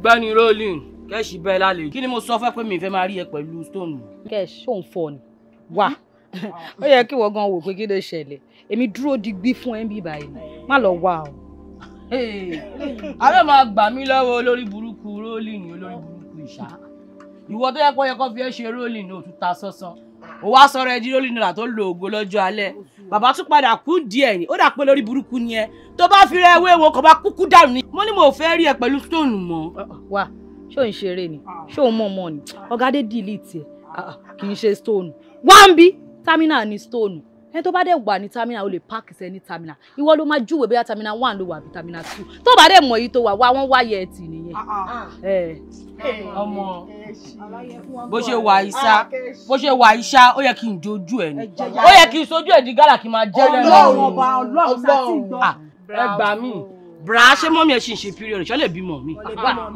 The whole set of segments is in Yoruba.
Gbẹ́ni rolling. Kẹ́ṣì bẹ́ẹ̀ lálejò. Kí ni mo sọ fẹ́ pé mi fẹ́ máa rí ẹ pẹ̀lú stone? Kẹ́ṣì ò ń fọ ni. Wà ó yẹ kí wọ́n gan wò pé kí ló ṣẹlẹ̀. Èmi dúró digbí fún ẹ́ ń bí báyìí. Má lọ wá o. Àbẹ́ máa gbà mí lọ́wọ́ olórí burúkú rolling olórí burúkú ìṣá. Ìwọ tó yẹ kó yẹ kó fi ẹ́ ṣe rolling ní òtútà sánsan ó wá sọ̀rọ̀ ẹdí lórí náírà tó lo ògo lọ́jọ́ alẹ́ bàbá tún padà kú díẹ̀ ni ó dà pé lórí burúkú ni ẹ tó bá fi rẹ ewé wo kò bá kúkú dànù ni mo ní mo fẹ́ rí ẹ pẹ̀lú stone mọ́. wà ṣó ń ṣeré ni ṣó ń mọ̀ọ́mọ̀ ni ọ̀gá dé dìlì tiẹ̀ kì í ṣe stone Wambi, ń bí támínà ni stone ẹni tó bá dẹ̀ wà ní terminal o lè park sí ẹni terminal ìwọ ló máa júwèé bóyá terminal one ló wà àbí terminal two tó bá dẹ̀ mọ̀ èyí tó wà wá wọ́n wáyé ẹ̀ tì nìyẹn. Ah, ah. ọmọ bó ṣe wà ìṣá bó ṣe wà ìṣá ó yẹ kí n dojú ẹ ni ó yẹ kí n sojú ẹ di gálà kí n máa jẹ́ lẹ́nu. ọlọ́run ọba ọlọ́run sá ti gbọ́. Ah, ẹ gbà mí bra ṣé mọ́mí ẹ ṣì ń ṣe period ṣọ́ lè bímọ mi.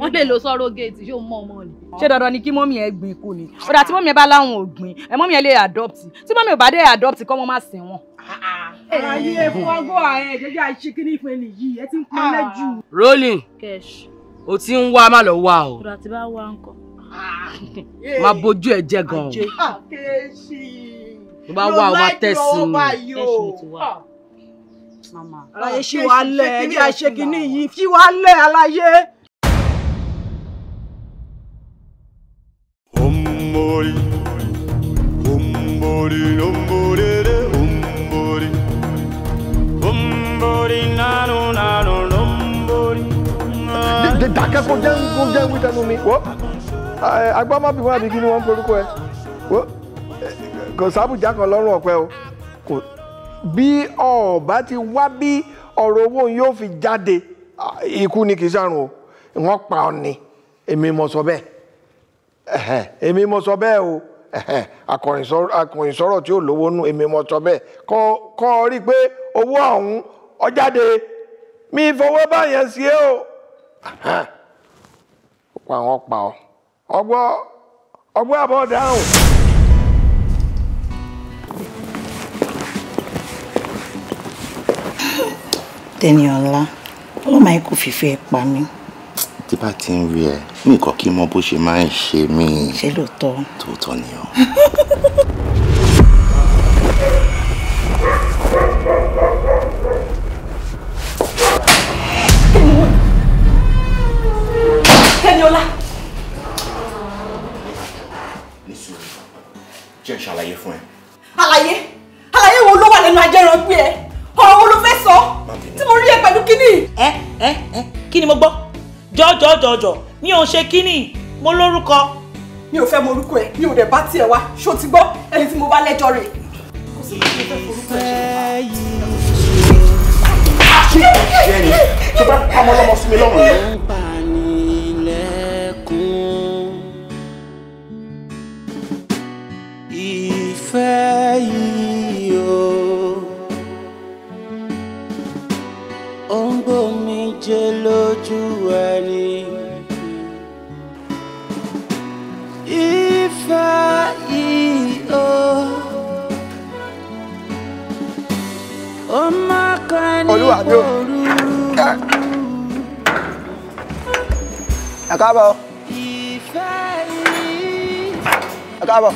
wọ́n lè lo surrogate ṣé o mọ ọmọ ni. ṣé dandan ni kí mọ́mí ẹ gbìn kò ní ọ̀dà tí mọ́mí ẹ bá láwọn ò gbìn ẹ mọ́mí ẹ lè adopt tí mọ́mí ò bá dé adopt kọ́ mọ́ má sìn wọn. Ah, ah. ayé ẹ̀fọ́ ọgọ́ ẹ̀ àìṣe kí ní ìpín nìyí ẹ ti ń pọn lẹ́jù. Ah. rolling o ti ń wá má lọ wá o. ìrọ̀tí bá wá ń má bójú ẹ jẹ gan-an. àjẹ àkẹ́ṣì. ló bá wá wa tẹ̀sí mama. aláyé ah, ṣí wa lẹ ẹbí àṣekínní yìí ṣí wa lẹ aláyé. ombori ombori lomborere ombori ombori nanu nanu lombori. dàkẹ́ kó jẹ́ kó jẹ́ wí tẹnu mi wọ́ agbámọ́bí wọn àbí kí ni wọ́n ń porúkọ ẹ̀ wọ́ kò sábùjá kan lọ́rùn ọ̀pẹ o kò bí ọba ti wá bí ọ̀rọ̀ owó yóò fi jáde ah, ikú ni kì í ṣàrùn o wọ́n pa ọ ni èmi mọ̀ sọ bẹ́ẹ̀ èmi mọ̀ sọ bẹ́ẹ̀ o akọ̀yìn sọ̀rọ̀ tí ó lówó nù èmi mọ̀ sọ bẹ́ẹ̀ kọ́ ọ rí i pé owó ọ̀hún ó mi fowó báyẹn sí ẹ o ó àwọn pa ọ ọgbọ́ ọgbọ́ àbọ̀ dáhùn. Tẹniọlá ọlọ́mọ ayé kò fìfẹ́ ẹ pa mí. tí bá ti ń rí ẹ mi kàn kí n mọ bó ṣe máa ń ṣe mí. ṣé lóòótọ́. tòótọ́ ni o. Tẹniọlá. nísìnyí jẹ́ ìṣàlàyé fún ẹ. àlàyé àlàyé wo ló wà nínú ajẹ́rán pé ẹ tí mo rí ẹ pẹ̀lú kíní. ẹ ẹ ẹ kí ni mo gbọ́ jọjọjọjọ mi ò ṣe kíní mo lórúkọ. mi ò fẹ́ mọ orúkọ ẹ mi ò dẹ̀ bá tiẹ̀ wá ṣó ti gbọ́ ẹni tí mo bá lẹ́jọ́ rẹ̀. kò sí kí mo fẹ́ forúkọ tó bá pamọ́ lọ́mọ sí mi lọ́rùn yìí. ìfẹ́ yìí. lójú ẹni. Ìfẹ́ yìí o, ó máa kan ní òru. Ẹ káàbọ̀. yìí. Ẹ káàbọ̀.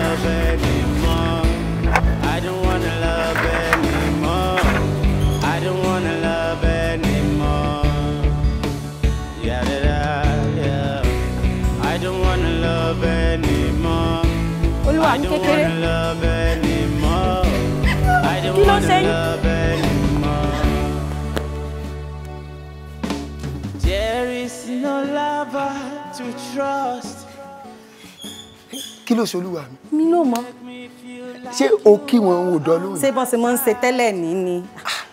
love anymore. I don't wanna love anymore. I don't wanna love anymore. Yeah, da, da, yeah. I don't wanna love anymore. I don't wanna love anymore. I don't wanna love anymore. There is no lover to trust. kí ló ṣe olúwa mi. mi ló mọ. ṣé o kí wọn ò dán lóhùn. ṣé bọ́n ṣe máa ń ṣe tẹ́lẹ̀ ní ni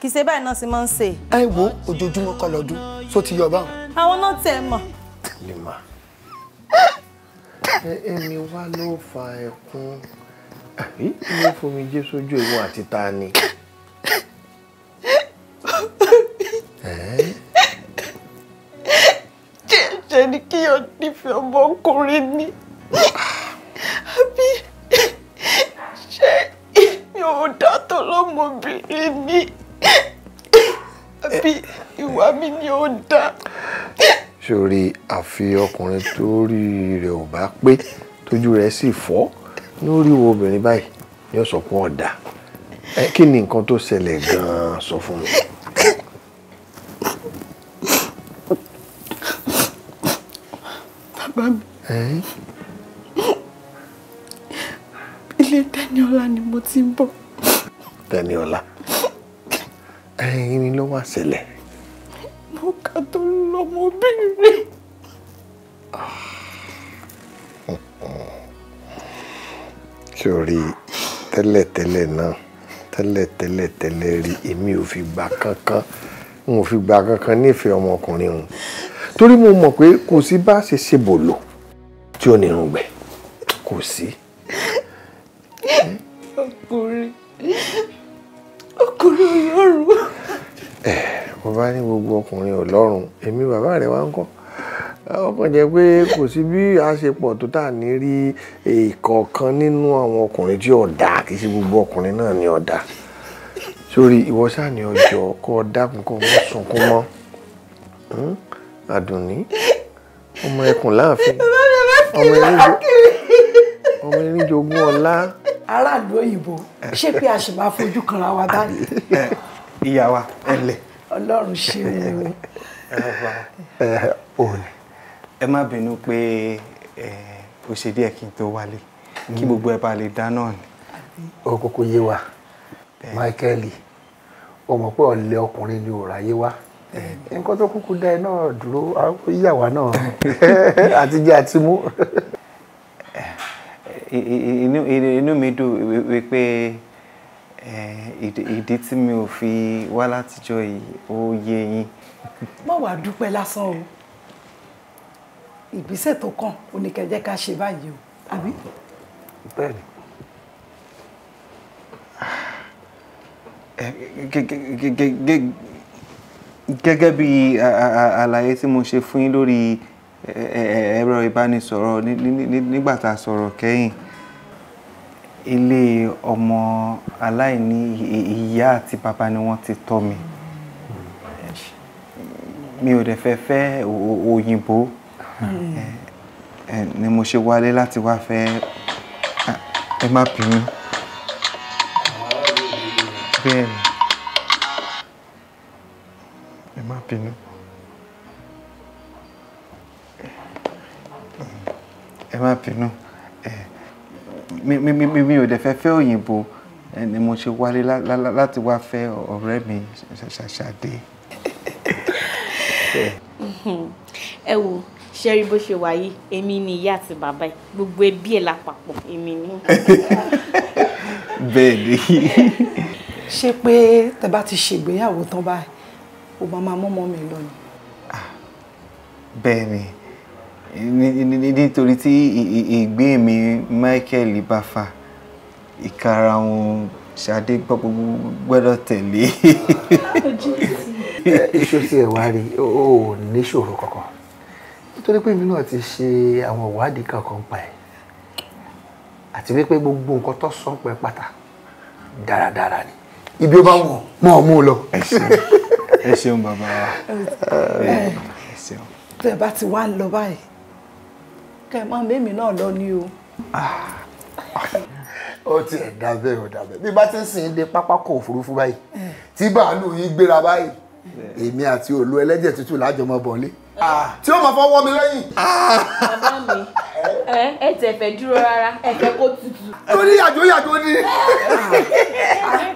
kì í ṣe báyìí náà ṣe máa ń ṣe. ẹ wo ojoojúmọ́ kọ́ lọ́dún tó ti yọ báwọn. àwọn náà tẹ̀ mọ̀. lè mà ẹni wá ló fa ẹkún àbí ló fomi jẹ sójú ìwọ àti ta ni. jẹ́ jẹ́ ni kí o nífẹ̀ẹ́ ọmọkùnrin ni. Ah bí ṣé mi ò dátọ̀ lọ́mọbìnrin ni àbí ìwà mi ni ò dá. sórí àfi ọkùnrin tó rí rẹ̀ ò bá pé tójú rẹ̀ sì fọ́ lórí wo obìnrin báyìí ni ó sọ pé ọ̀dà kí ni nǹkan tó ṣẹlẹ̀ gan-an sọ fún mi. bàbá mi ilé Tẹ́niọlá ni mo ti ń bọ̀. Tẹ́niọlá ẹyin ni ló wá ṣẹlẹ̀. mo kà tó lọmọbìnrin. sórí tẹ́lẹ̀tẹ́lẹ̀ náà tẹ́lẹ̀tẹ́lẹ̀ tẹ́lẹ̀ rí èmi ò fi gbà kankan n ò fi gbà kankan nífẹ̀ẹ́ ọmọkùnrin òun torí mo mọ̀ pé kò sí bá ṣe ṣe bòlò tí ó nírun gbẹ kò sí ọkùnrin ọkùnrin ọlọ́run. ẹ mo bá ní gbogbo ọkùnrin ọlọ́run èmi bàbá rẹ̀ wá ń kọ́ ọkàn jẹ́ pé kò sí bí a ṣe pọ̀ tó tà ní rí ìkọ̀ọ̀kan nínú àwọn ọkùnrin tí ọ̀dà kì í ṣe gbogbo ọkùnrin náà ni ọ̀dà sórí ìwọ ṣáà ní ọjọ́ kó o dákun kó o mọ́ sunkún mọ́ hmm? àdùnní ọmọ ẹkùn láàfin ọmọ ẹlẹ́gbẹ́ ọmọ ẹni jogún ọlá. aráàlú òyìnbó ṣé pé a sì máa fojú kanra wa dání. ìyá wa ẹ lẹ. ọlọ́run ṣe é. ẹ ò ní ẹ má bínú pé ó ṣe díẹ̀ kí n tó wálé kí mm. gbogbo ẹ bá lè dáná ni. ó kúkú yé wa Michael ó mọ̀ pé ọ̀lẹ ọkùnrin ni ò ráyé wá nǹkan tó kúkú dá ẹ náà dúró ìyàwó náà àtijọ́ àti mú. inú inú mi dùn wípé ìdí tí mi ò fi wá látijọ́ yìí ó yé yín. má wàá dúpẹ́ lásán o ìgbésẹ̀ tó kàn oníkẹ́jẹ́ ká ṣe báyìí o àbí. bẹ́ẹ̀ni gẹ́gẹ́ bí àlàyé tí mo ṣe fún yín lórí ẹ̀rọ ìbánisọ̀rọ̀ nígbà tá a sọ̀rọ̀ kẹ́yìn ilé ọmọ aláìní ìyá àti bàbá ni wọ́n ti tọ́ mi mi ò dẹ̀ fẹ́ fẹ́ òyìnbó ni mo ṣe wálé láti wá fẹ́ ẹ má bínú bẹ́ẹ̀ ni ẹ má bínú. ẹ má bínú mi mi mi mi ò dẹ̀ fẹ́ fẹ́ òyìnbó ni mo ṣe wálé láti wá fẹ́ ọ̀rẹ́ mi ṣàṣàdé. ẹ wo ṣe rí bó ṣe wà yìí èmi ni ìyá àti bàbá yìí gbogbo ẹbí ẹ̀ lápapọ̀ èmi ni. bẹ́ẹ̀ ni. ṣé pé tẹ bá ti ṣègbéyàwó tán báyìí o máa máa mọ́mọ́ mi lọ ni. Ah, bẹ́ẹ̀ ni nítorí tí ìgbé mi Michael Bafa ìkara wọn Ṣadé gbọ́pọ̀ gbọ́dọ̀ tẹ̀lé. iṣu tí ẹ wá rí o ò níṣòro kankan nítorí pé èmi náà ti ṣe àwọn ìwádìí kankan pa ẹ àti wípé gbogbo nǹkan tó sọ pé pátá dáradára ni ibi ó bá wọn mọ ọ mú un lọ. ẹ ṣeun bàbá wa ẹ ṣeun. tẹ bá ti wá lọ báyìí kẹ́ ẹ máa mẹ́mí náà lọ ni o. Ah. ó ti ẹ̀ dábẹ́ ò dábẹ́ bí bá ti ń sìn dé pápákọ̀ òfurufú báyìí eh. tí bàálù yìí gbéra báyìí èmi àti olú ẹlẹ́jẹ̀ tútù lájọmọ́ bọ̀ọ́lé tí ó máa fọwọ́ mi lẹ́yìn. bàbá mi ẹ tẹ fẹ́ dúró rárá ẹ fẹ́ kó tutù. tó ní yàjó yàjó ni.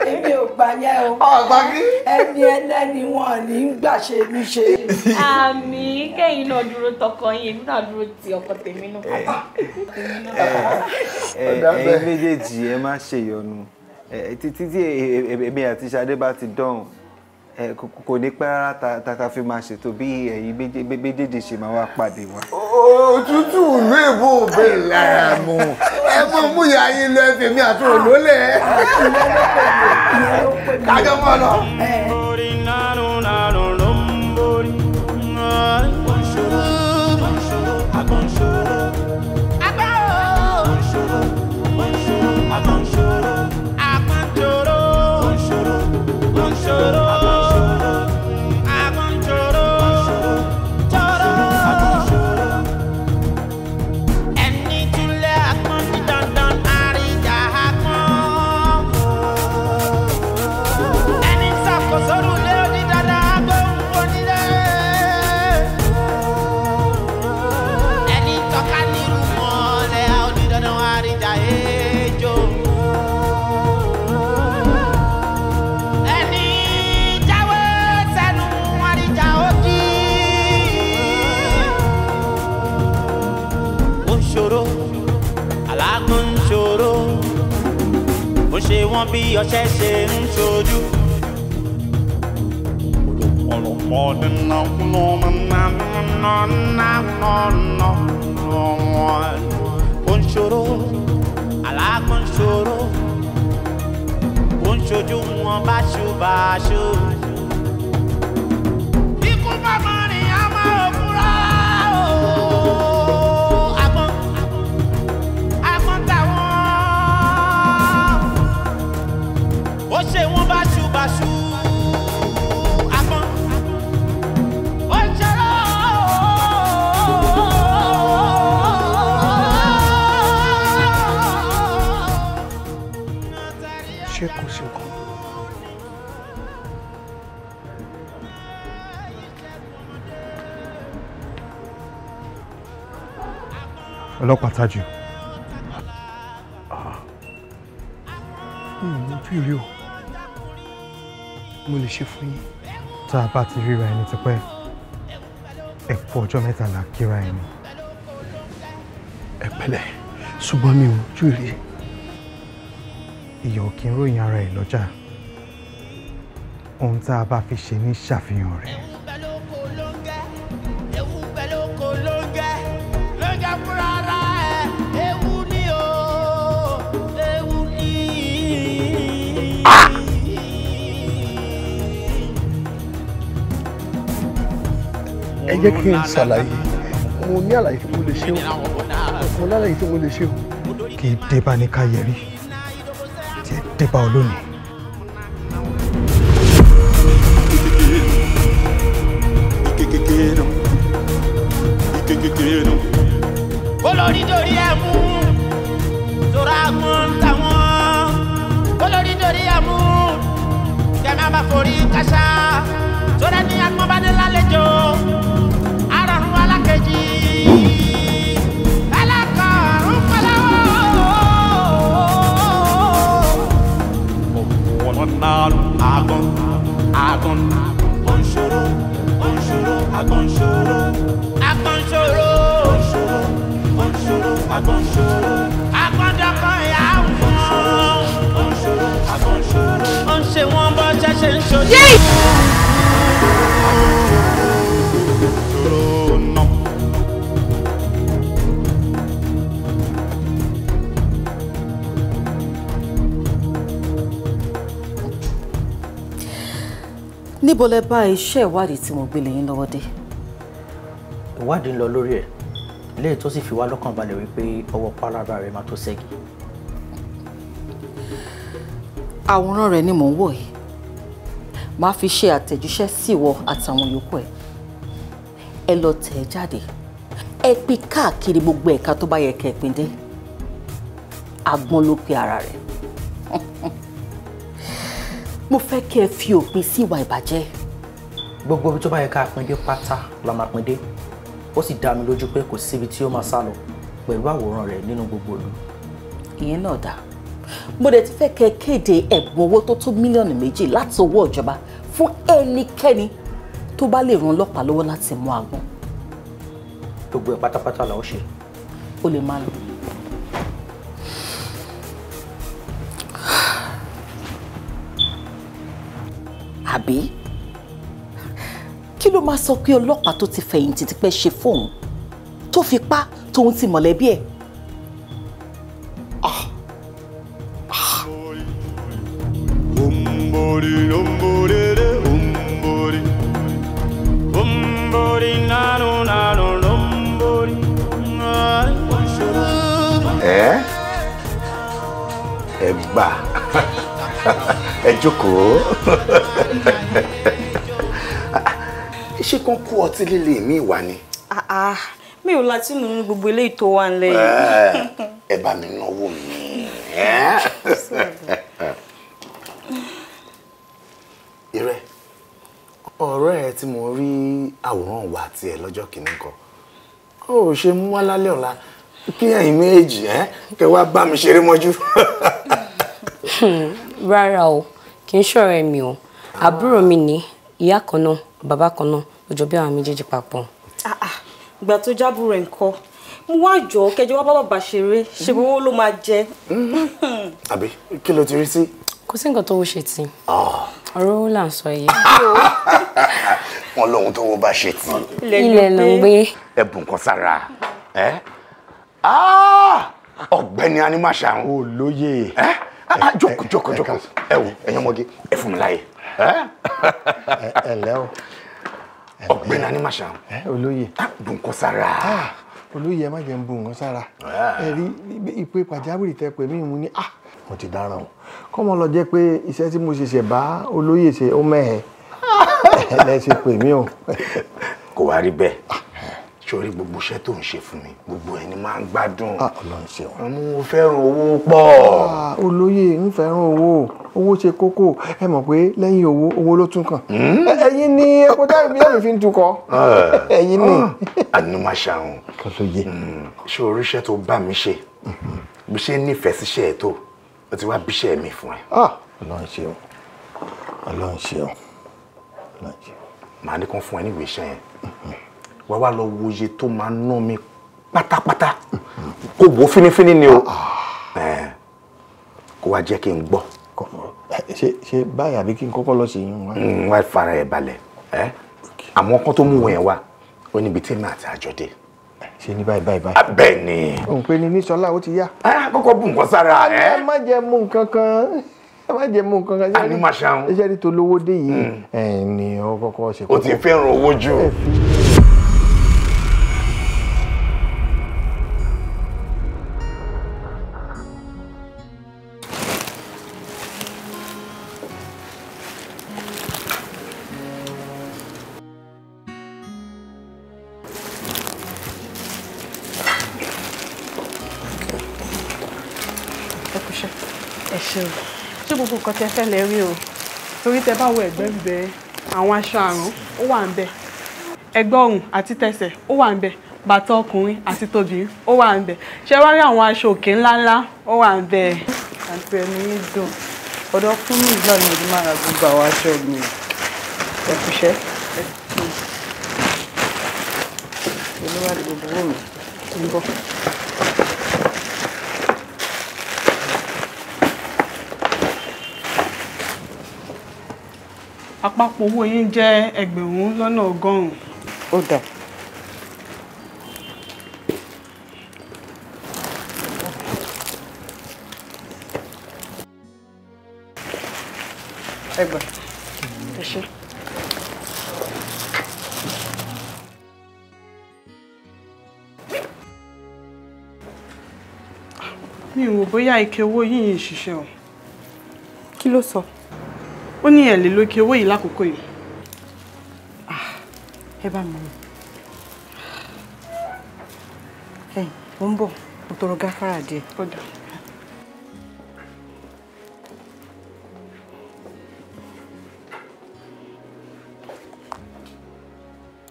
èmi ò gbà yẹn o. ọgbà kí. ẹni ẹlẹ́ni wọn ní í gbà ṣe mí ṣe. àmì kẹ́yìn náà dúró tọkọ yín èmi náà dúró ti ọkọ tèmi náà. ẹ̀yin méjèèjì ẹ má ṣèyọnu títí tí èmi àti Ṣadé bá ti dọ̀hùn kò ní pẹ́ rárá tata fi máa ṣètò bí ẹ̀yin méjèèjì ṣe máa wá pàdé wa. òtútù ìlú èbó bẹ́ẹ̀ lára mu ẹ mọ mú ìyá yín lọ ẹ fèmí àtúrò lólè kájọ mọ lọ. ọṣẹ ṣe ń ṣojú. ó ń ṣòro alágbọ̀n ṣòro ó ń ṣojú wọn báṣubàṣu. ṣáájú. mi ò ní bí rí o mo lè ṣe fún yín. tá a bá ti ríra ẹni tipẹ́ ẹ kú ọjọ́ mẹ́ta là kíra ẹni. ẹ pẹ̀lẹ́ ṣùgbọ́n mi ò jù rí. ìyà ò kí ń ròyìn ara ẹ̀ lọ́jà ohun tá a bá fi ṣe ní ṣàfihàn rẹ̀. jẹ́ kí n ṣàlàyé mo ní àlàyé tí mo lè ṣe o mo ní àlàyé tí mo lè ṣe o. kì í dé ní ká tí ì dé ọ lónìí. olórí dórí ẹ mú tora gbọ́n táwọn olórí dórí ẹ mú kẹ́mi àbá forí kásá tora ní agbọ́n bá dé lálejò. márùn àgàn àgàn. ó ń ṣòro ó ń ṣòro àgàn ń ṣòro. àgàn ń ṣòro. ó ń ṣòro ó ń ṣòro àgàn níbo lẹ bá iṣẹ́ ìwádìí tí mo gbé lẹ́yìn lọ́wọ́ dé. ìwádìí ń lọ lórí ẹ̀ lẹ́yìn tó sì fi wá lọ́kàn balẹ̀ wípé ọwọ́ pálábá rẹ̀ máa tó ṣẹ́gi. àwòrán rẹ̀ ni mò ń wò yìí máa fi ṣe àtẹ̀jíṣẹ́ sí ìwọ àtàwọn yòókù ẹ̀ ẹ lọ tẹ̀ ẹ́ jáde ẹ pín káàkiri gbogbo ẹ̀ka tó bá yẹ kẹ́ ẹ pín dé agbọ́n ló pe ara rẹ̀. mo fẹ́ kí ẹ fi òpin sí ìwà ìbàjẹ́. gbogbo ibi tó bá yẹ ká pin dé pátá la máa pin dé ó sì dá mi lójú pé kò síbi tí ó máa sá lọ pẹ̀lú àwòrán rẹ̀ nínú gbogbo ìlú. ìyẹn náà dáa mo dẹ̀ ti fẹ́ kẹ́ kéde ẹ̀bùn owó tó tó mílíọ̀nù méjì láti ọwọ́ ìjọba fún ẹnikẹ́ni tó bá lè ran ọlọ́pàá lọ́wọ́ láti mú àgbọn. gbogbo ẹ̀ pátápátá la ṣe. o lè máa lọ. àbí kí ló máa sọ pé ọlọ́pàá tó ti fẹ̀yìntì ti pẹ́ ṣe fóun tó fi pa tóun ti mọ̀lẹ́bí ẹ̀. Ah. Ah. Ombori, ombori, ombori, ombori, eh? ẹ gbà ẹ jókòó ṣé kán kú ọtí líle mi wà ni. Ah, ah, mi ò láti nù ní gbogbo eléyìí tó wà nílẹ̀ yìí. Eh, ẹ bá mi náwó mi. ìrẹ́ ọ̀rẹ́ ẹ tí mo rí àwòrán wa tiẹ̀ lọ́jọ́ kìíní kan ó ṣe mú wá lálẹ́ ọ̀la kí ẹ̀yin méjì kẹ́ wá bá mi ṣeré mọ́jú. rárá o kì í ṣọ̀rọ̀ ẹ̀mí o àbúrò mi ní ìyá kan náà bàbá kan náà òjò bí àwọn méjèèjì papọ̀. Ah, ah, ìgbà tó jábùrọ̀ ẹ̀ ń kọ́ mo wá jọ kẹjọ wá bá bàbá ṣeré ṣe bí owó ló máa jẹ. àbí kí ló ti rí sí. kò sí nǹkan tó wọ́n ṣe tí ah. ọ̀rọ̀ owó là ń sọ yìí. wọn lóhun tó wọ́n bá ṣe tí. ilẹ̀ ló ń gbé. ẹ̀bùn kan sára ọ̀gbẹ́ni animasa ò lóye. Eh? joko joko joko ẹ wo ẹ̀yin ọmọge ẹ fún mi láàyè. ẹ ǹlẹ́ o. ọ̀gbẹ́ni animasa. olóye. Ah, dùn kọ́ sára ah, olóyè ẹ má jẹ́ ń bu nǹkan sára ah. ẹ̀rí ìpè pàjáwìrì tẹ pé mí mú ni ah mo ti dáràn o kọ́mọ lọ jẹ́ pé iṣẹ́ tí mo ṣẹ̀ṣẹ̀ bá olóyè se ó mẹ́ẹ̀ ẹ̀ se pè mí o. kò wá rí bẹ́ẹ̀ sórí gbogbo iṣẹ́ tó ń ṣe fún mi gbogbo ẹni máa ń gbádùn ah, mo fẹ́ràn owó pọ̀. Ah, olóyè ń fẹ́ràn owó owó ṣe kókó ẹ mọ̀ pé lẹ́yìn owó owó ló tún kàn hmm? ẹ̀yin ni epo tábìlì ẹ̀mí fi ń tukọ̀ eh. ẹ̀yin ni. Ah, àánú máa ṣàrùn hmm. ṣé orí iṣẹ́ tó bá mi ṣe bí mm-hmm. ṣe nífẹ̀ẹ́ síṣẹ́ ẹ̀ tó o ti wá bíṣẹ́ mi fún ẹ. ọlọ́run ṣeun ọlọ́run ṣeun ọlọ́run ṣeun. màá ní kó fún ẹ níwèé iṣẹ́ yẹn. Mm-hmm wà wá lọ wo iye tó máa ná mi pátápátá kó wo fínífíní ni o ah. kó wá jẹ́ kí n gbọ́. ṣe báyìí àbí kí n kọ́kọ́ lọ sí yín wá. n wá fara ẹ̀ balẹ̀ àmọ́ kán tó mú wọn yẹn wá ó níbi tí èmi àti àjọ dé. ṣe ní báyìí báyìí báyìí. Ah, bẹ́ẹ̀ ni. òun pe ni nísọlá o ti yá. kọ́kọ́ bù nǹkan sára ẹ̀. ẹ má jẹ mú nǹkan kan ẹ má jẹ mú nǹkan kan. àní máa ṣe àwọn. iṣẹ́ ní tolówó dé yìí hmm. ẹ̀ ni ọkọ̀ kọ́ ṣe kókó. o ti fẹ́ràn owó jù. ẹ fi tẹ́fẹ́ lè rí o torí tẹ bá wo ẹ̀gbẹ́ ń bẹ àwọn aṣọ àrùn ó wà ń bẹ ẹgbẹ́ ọ̀run àti tẹsẹ̀ ó wà ń bẹ bàtà ọkùnrin àti tóbìnrin ó wà ń bẹ ṣé wá rí àwọn aṣọ òkè ńláńlá ó wà ń bẹ. àti ẹni yín dùn ọ̀dọ̀ fún mi ìgbà mi ìdí máa ra gbogbo àwọn aṣọ mi ẹ̀kúṣẹ́ olúwa gbogbo mi ń bọ̀. àpapọ̀ owó yín jẹ́ ẹgbẹ̀rún lọ́nà ọgọ́rùn-ún. ó dà. ẹgbà ẹ ṣe. mi ò rò bóyá ike owó yìí ń ṣiṣẹ́ o. kí ló sọ? So? ó ní ẹ̀lẹ́ lókè owó yìí lákòókò yìí ah, ẹ bá mọ̀ mi ẹ̀yìn ó ń bọ̀ mo tọrọ gáfárà díẹ̀. ó dà.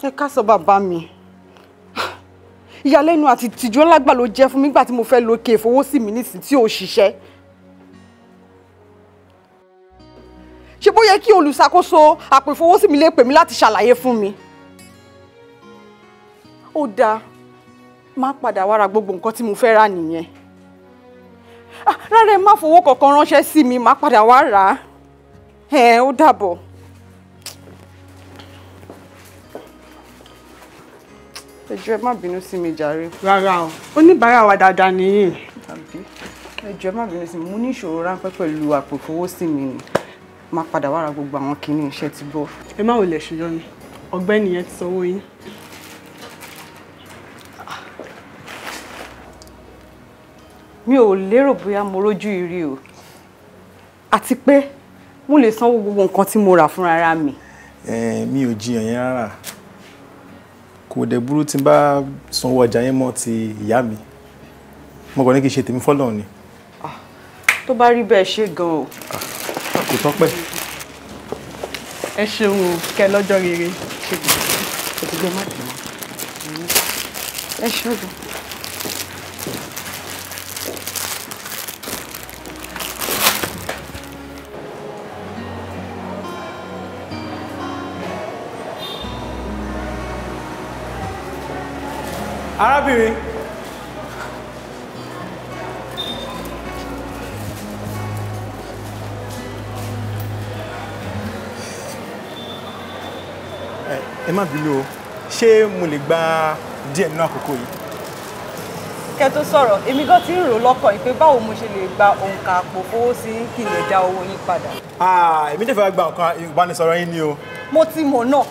ẹ káàsán bàbá mi ah, ìyàlẹ́nu àti tìjú ńlá gbà ló jẹ́ fún mi nígbà tí mo fẹ́ lókè ìfowósí mi nísìnyí tí ò ṣiṣẹ́. ṣe bó yẹ kí olùṣàkóso àpò ìfowósí mi lè pè mí láti ṣàlàyé fún mi. ó dáa má padà wá ra gbogbo nǹkan tí mo fẹ́ rà nìyẹn. Ah, rárá ẹ má fowó kankan ránṣẹ́ sí mi má padà wá rà á. ẹ ó dàbọ̀. ẹ jọ̀ọ́ ẹ má bínú sí mi jàre. rárá o oníbàárà wa dáadáa nìyí. ẹ jọ̀ọ́ ẹ má bínú sí mi mo ní ìṣòro ráńpẹ́ pẹ̀lú àpò ìfowósí mi ni máa padà wá gbogbo àwọn kinní iṣẹ́ ti bọ́. ẹ má wòlẹ̀ ṣùgbọ́n mi ọ̀gbẹ́ni yẹn ti sanwó yín. mi ò lérò bóyá mo rójú ìrì o àti pé mo lè sanwó gbogbo nǹkan tí mo rà fúnra mi. mi ò jiyàn yẹn rárá kò dẹ̀ burú tí n bá sanwó ọjà yẹn mọ́ ti ìyá mi mo kàn ní kí n ṣe tèmi fọ́lọ́run ni. Ah, tó bá rí bẹ́ẹ̀ ṣe gan o. Ah kò tọ́pẹ́. ẹ ṣeun o kẹ lọ́jọ́ rere ṣe kò tó ti gbé mọ́tò ẹ ṣeun. arábìnrin. má bínú o ṣé mo lè gba díẹ̀ nínú àkókò yìí. kẹ́ tó sọ̀rọ̀ èmi gan ti ń rò lọ́kàn yìí pé báwo mo ṣe lè gba òǹkà àpò fowó sí kí n lè dá owó yín padà. Ah, èmi dẹ̀ fẹ́ gba nǹkan ìbánisọ̀rọ̀ yín ni o. mo ti mọ̀ náà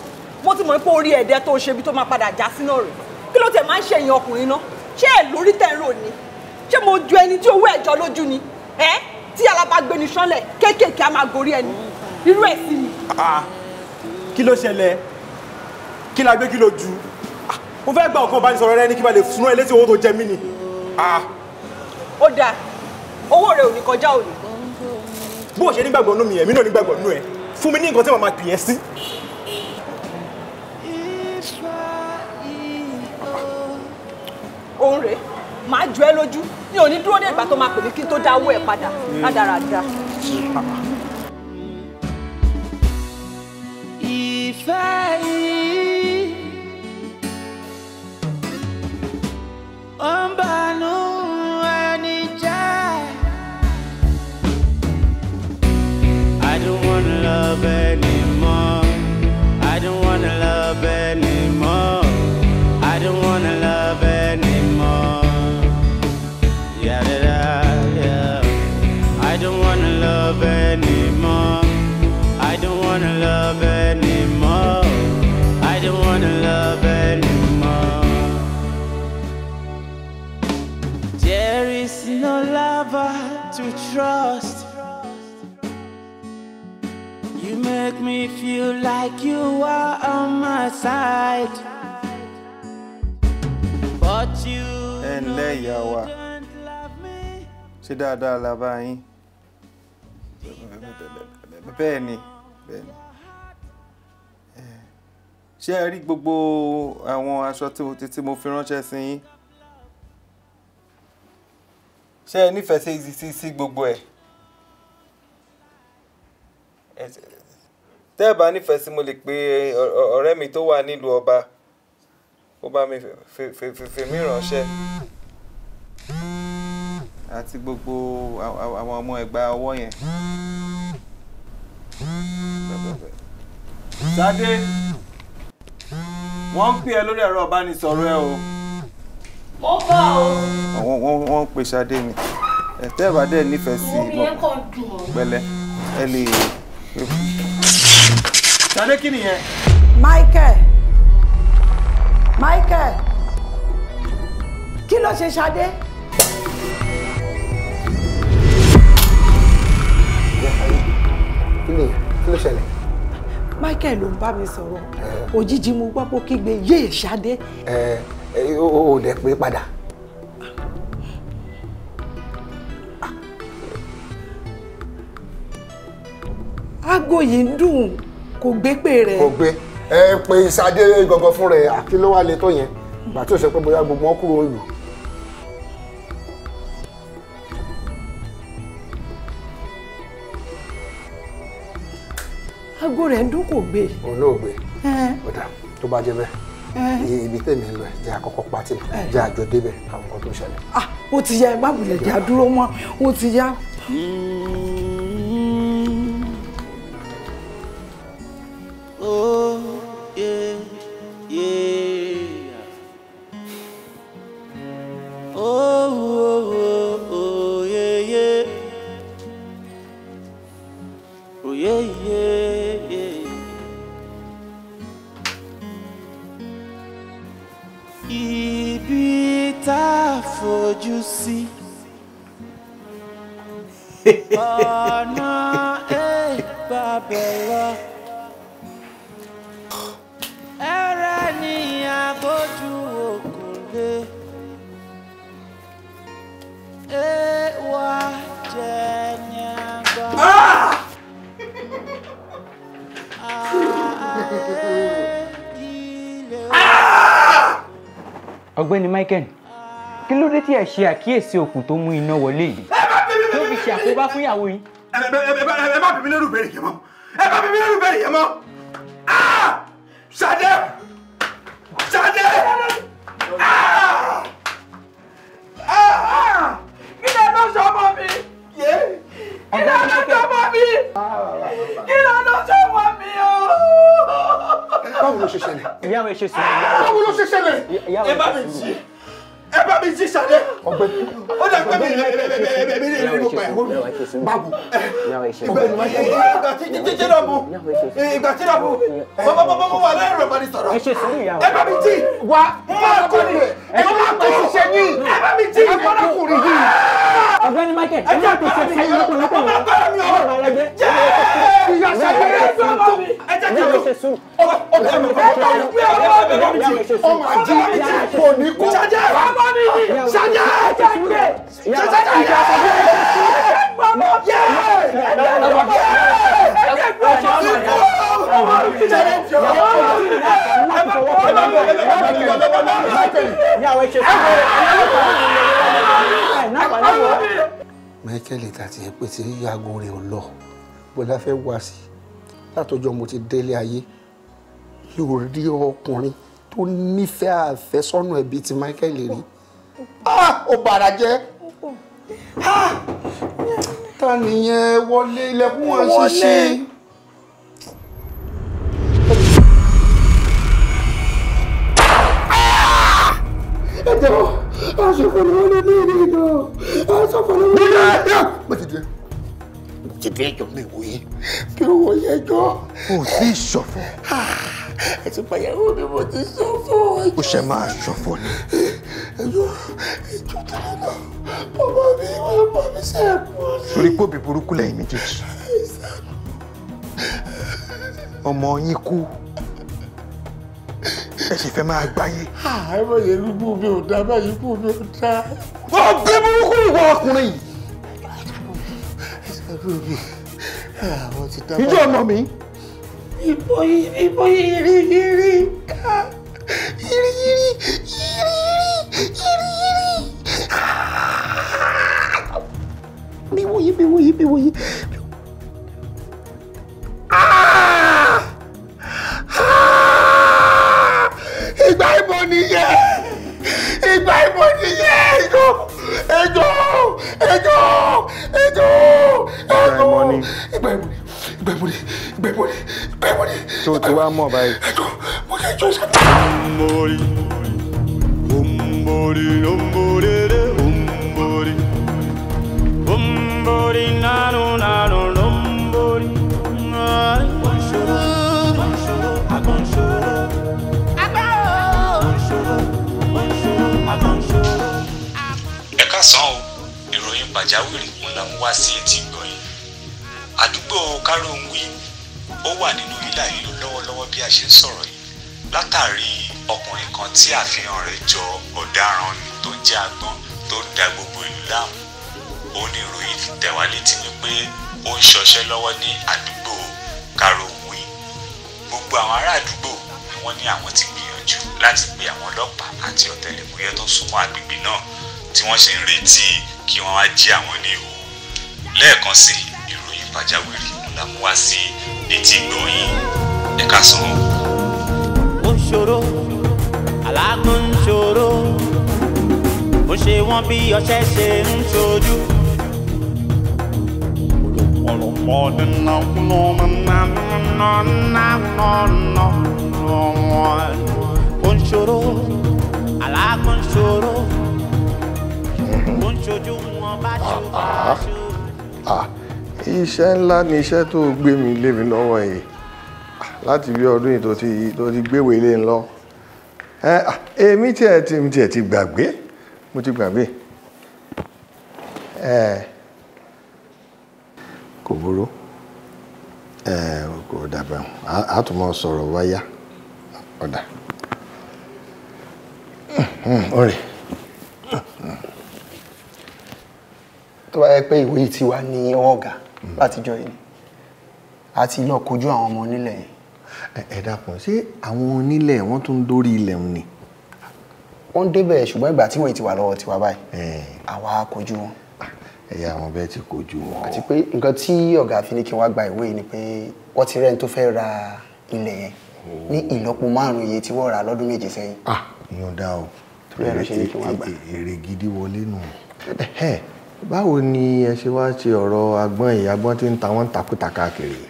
mo ti mọ̀ pé orí ẹ̀dẹ́ tó ṣe bí tó máa padà já sí náà rè kí ló tẹ̀ máa ń ṣe èèyàn ọkùnrin náà ṣé ẹ̀ lórí tẹ̀ rò ni ṣé mo ju ẹni tí owó ẹ̀jọ́ lójú ni ẹ́ tí alábàgbéni sánlẹ̀ kéékèèké a máa gorí ẹni irú ẹ̀ sí ah, mi kí la gbé kí lo jù ah, mo fẹ́ gba ọ̀kan ìbánisọ̀rọ̀ rẹ ní kí n bá lè súná ilé owó tó jẹ mí ni. Ah. ó dáa owó rẹ ò ní kọjá òní. bó o ṣe nígbàgbọ́ nú mi ẹ̀mí náà nígbàgbọ́ nú ẹ fún mi ní nǹkan tí màá máa pè é sí. òun rèé màá jọ ẹ lójú mi ò ní dúró dé ìgbà tó máa pè mí kí n tó dá owó ẹ padà rádaràda. ìfẹ́ yìí. I don't wanna love anymore is no lover to trust. You make me feel like you are on my side. But you ẹ ǹlẹ́ ìyá wa ṣé dáadáa la bá yín bẹ́ẹ̀ ni bẹ́ẹ̀ ni ṣé ẹ rí gbogbo àwọn aṣọ tí mo fi ránṣẹ́ sí yín ṣé ẹ nífẹ̀ẹ́ sí sí sí gbogbo ẹ̀ tẹ́ ẹ bá nífẹ̀ẹ́ sí mo lè pe ọ̀rẹ́ mi tó wà nílùú ọba ó bá mi fèfèfè mí ránṣẹ́ àti gbogbo àwọn ọmọ ẹ̀gbà ọwọ́ yẹn. Ṣadé wọ́n ń pè ẹ́ lórí ẹ̀rọ ìbánisọ̀rọ̀ ẹ o mo ń bọ̀ o. wọ́n wọ́n ń pèsè adé mi ẹ̀tẹ́ ìbàdẹ́ nífẹ̀ẹ́ sí i pẹ̀lẹ́ ẹ lè. Ṣadé kí nìyẹn? Michael Michael kí ló ṣe Ṣadé? kí ló ṣẹlẹ̀? Michael ló ń bá mi sọ̀rọ̀ òjijì mo gbọ́ pé kígbe yéè Ṣadé o ò dẹ̀ pé padà. aago yìí ń dùn kò gbé pè rẹ. kò gbé ẹ pé Ṣadé gangan fún rẹ àti ló wà lè tó yẹn ìgbà tí ṣe pé bóyá gbogbo wọn kúrò lù. aago rẹ̀ ń dùn kò gbé. òun náà gbé. ọ̀dà tó bá jẹ́ bẹ́ẹ̀ ibi tẹ̀mí lọ ẹ̀ jẹ́ àkọ́kọ́ pátì jẹ́ àjọ débẹ̀ àwọn nǹkan tó ṣẹlẹ̀. Ah, ó ti ya ẹ má wulẹ̀ jà dúró mọ́ ó ti ya. Oh, yeah, yeah. Oh. tiẹ̀ ṣe àkíyèsí okùn tó mú iná wọlé yìí tó fi ṣe àkóbá fún ìyàwó yín. ẹ má bìbí lérú bẹ́ẹ̀rẹ̀ yẹn mọ́ ẹ má bìbí lérú bẹ́ẹ̀rẹ̀ yẹn mọ́ ah! Ṣadé Ṣadé. Ah! Ah! kí ló lọ sọ ọmọ mi kí ló lọ sọ ọmọ mi kí ló lọ sọ ọmọ mi báwo ló ṣe ṣẹlẹ̀. ìyá mi ṣe sùn. báwo ló ṣe ṣẹlẹ̀. ìyá mi ṣe sùn ti ṣàdé ó dà pé mi mi mi mi mo pa ẹ̀hún báwo ìgbà tí jíjí náà bu ìgbà tí náà bu bọ́bọ́bọ́bọ́ wà lẹ́yìn rẹ̀ bani sọ̀rọ̀ ẹ bá mi jí wa máa kọ́ ni ẹ máa kọ́ ṣiṣẹ́ yìí ẹ bá mi jí agbára kùrì yìí. ọ̀gbẹ́ni michael ẹ máa kọ́ ṣiṣẹ́ yìí lọ́pọ̀lọpọ̀ wọn ọ̀rọ̀ rẹ jẹ́ ìyá ṣàkóyè sọ́ọ̀bù ẹ jẹ́ kí n lò ọ̀gbẹ́ni michael ọmọ àjí kò ní kú. michael tàti ẹ pé tí yàgò rẹ ò lọ bọlá fẹ́ wá sí látọjọ́ mo ti délé ayé mi ò rí ọkùnrin tó nífẹ̀ẹ́ àfẹ́sọ́nà ẹbí ti michael rí ah, ó bàrà jẹ́ ah, ta nìyẹn wọlé ilẹ̀kùn wọn ṣíṣe. jẹ́ o aṣọ́fọ̀ ni wọ́n lé ní ìlú ìlú aṣọ́fọ̀ ni wọ́n lé ní ìlú. mo ti dúró mo ti dúró ẹjọ́ mi wòye kí n wòye ẹjọ́. o sì ṣọ̀fọ̀. Ah, ẹ ti pàyàwó mi mo ti ṣọ̀fọ̀. o ṣe máa ṣọ̀fọ̀ ni. ẹjọ́ ẹjọ́ tó lọ náà bàbá mi wà bá mi ṣe é kú. torí pé òbí burúkú lẹ́yìn méjèèjì ọmọ yín kú ẹ sì fẹ́ máa gbáyé. ẹ bá yẹ lúgbó mi ò dá báyìí kú mi ò dá. wọ́n gbé burúkú ìwọ ọkùnrin yìí. ẹ ṣàdúró mi àwọn ti dá báyìí. ìjọ ọmọ mi. ìbò ìbò yìrì yìrì ká yìrì yìrì yìrì mi wòye mi wòye mi wòye gbẹ̀bọ̀ ni gbẹ̀bọ̀ tó wá mọ̀ báyìí. ẹ jọ o ìròyìn pàjáwìrì ń là sí etí gbọ̀nyìn àdúgbò kárọ̀ǹwí ó wà nínú ilà yìí lọ́wọ́lọ́wọ́ bí a ṣe ń sọ̀rọ̀ yìí látàrí ọkùnrin kan tí àfihàn rẹ̀ jọ ọ̀daràn ni tó ń jẹ́ agbọ́n tó ń da gbogbo ìlú láàmú ó ní ìròyìn ti tẹ̀ wá létí wípé ó ń ṣọṣẹ́ lọ́wọ́ ní àdúgbò karowin gbogbo àwọn ará àdúgbò ni wọ́n ní àwọn ti gbìyànjú láti pe àwọn ọlọ́pàá àti ọ̀tẹlẹ̀múyẹ́ tó súnmọ́ agbègbè náà tí wọ́n sì ń retí kí wọ́n wá jí àwọn ní ìhò lẹ́ẹ̀kan sí ìròyìn pàjáwìrì ló la mú wá sí etí gbọ́ yín ẹ ó. ṣòro alágún ń ṣòro ó ṣe wọ́n bí ọṣẹ ṣe ń ṣojú. ó ń ṣòro iṣẹ́ ńlá ni iṣẹ́ tó gbé mi lé mi lọ́wọ́ yìí láti bí ọdún yìí tó ti tó ti gbéwò ilé ńlọ èmi tiẹ̀ ti tiẹ̀ ti gbàgbé mo ti gbàgbé kò burú kò dàbẹ̀ á tún mọ́ sọ̀rọ̀ wáyà ọ̀dà ọ̀rẹ́ tó bá yẹ pé ìwé yìí ti wá ní ọ̀gá látijọ́ yìí àti lọ kojú àwọn ọmọ onílẹ̀ yẹn. ẹ dákun ṣé àwọn onílẹ̀ wọ́n tún ń dórí ilẹ̀ òun ni. wọ́n ń débẹ̀ ṣùgbọ́n ìgbà tí wọ́n ti wà lọ́wọ́ tiwa báyìí àwa kojú wọn. ẹ̀yà àwọn bẹ́ẹ̀ ti kojú wọn. àti pé nǹkan tí ọ̀gá fi ní kí n gba ìwé ni pé wọ́n ti rẹ́ni tó fẹ́ ra ilẹ̀ yẹn ní oh. ìlọ́po márùn-ún iye tí wọ́n rà lọ́dún méje sẹ́yìn. ah ìyọ̀ǹda o. torí ẹ̀rọ ṣe ní báwo ni ẹ ṣe wá ṣe ọ̀rọ̀ agbọ́n ìyá agbọ́n tí ń ta wọ́n takúta káàkiri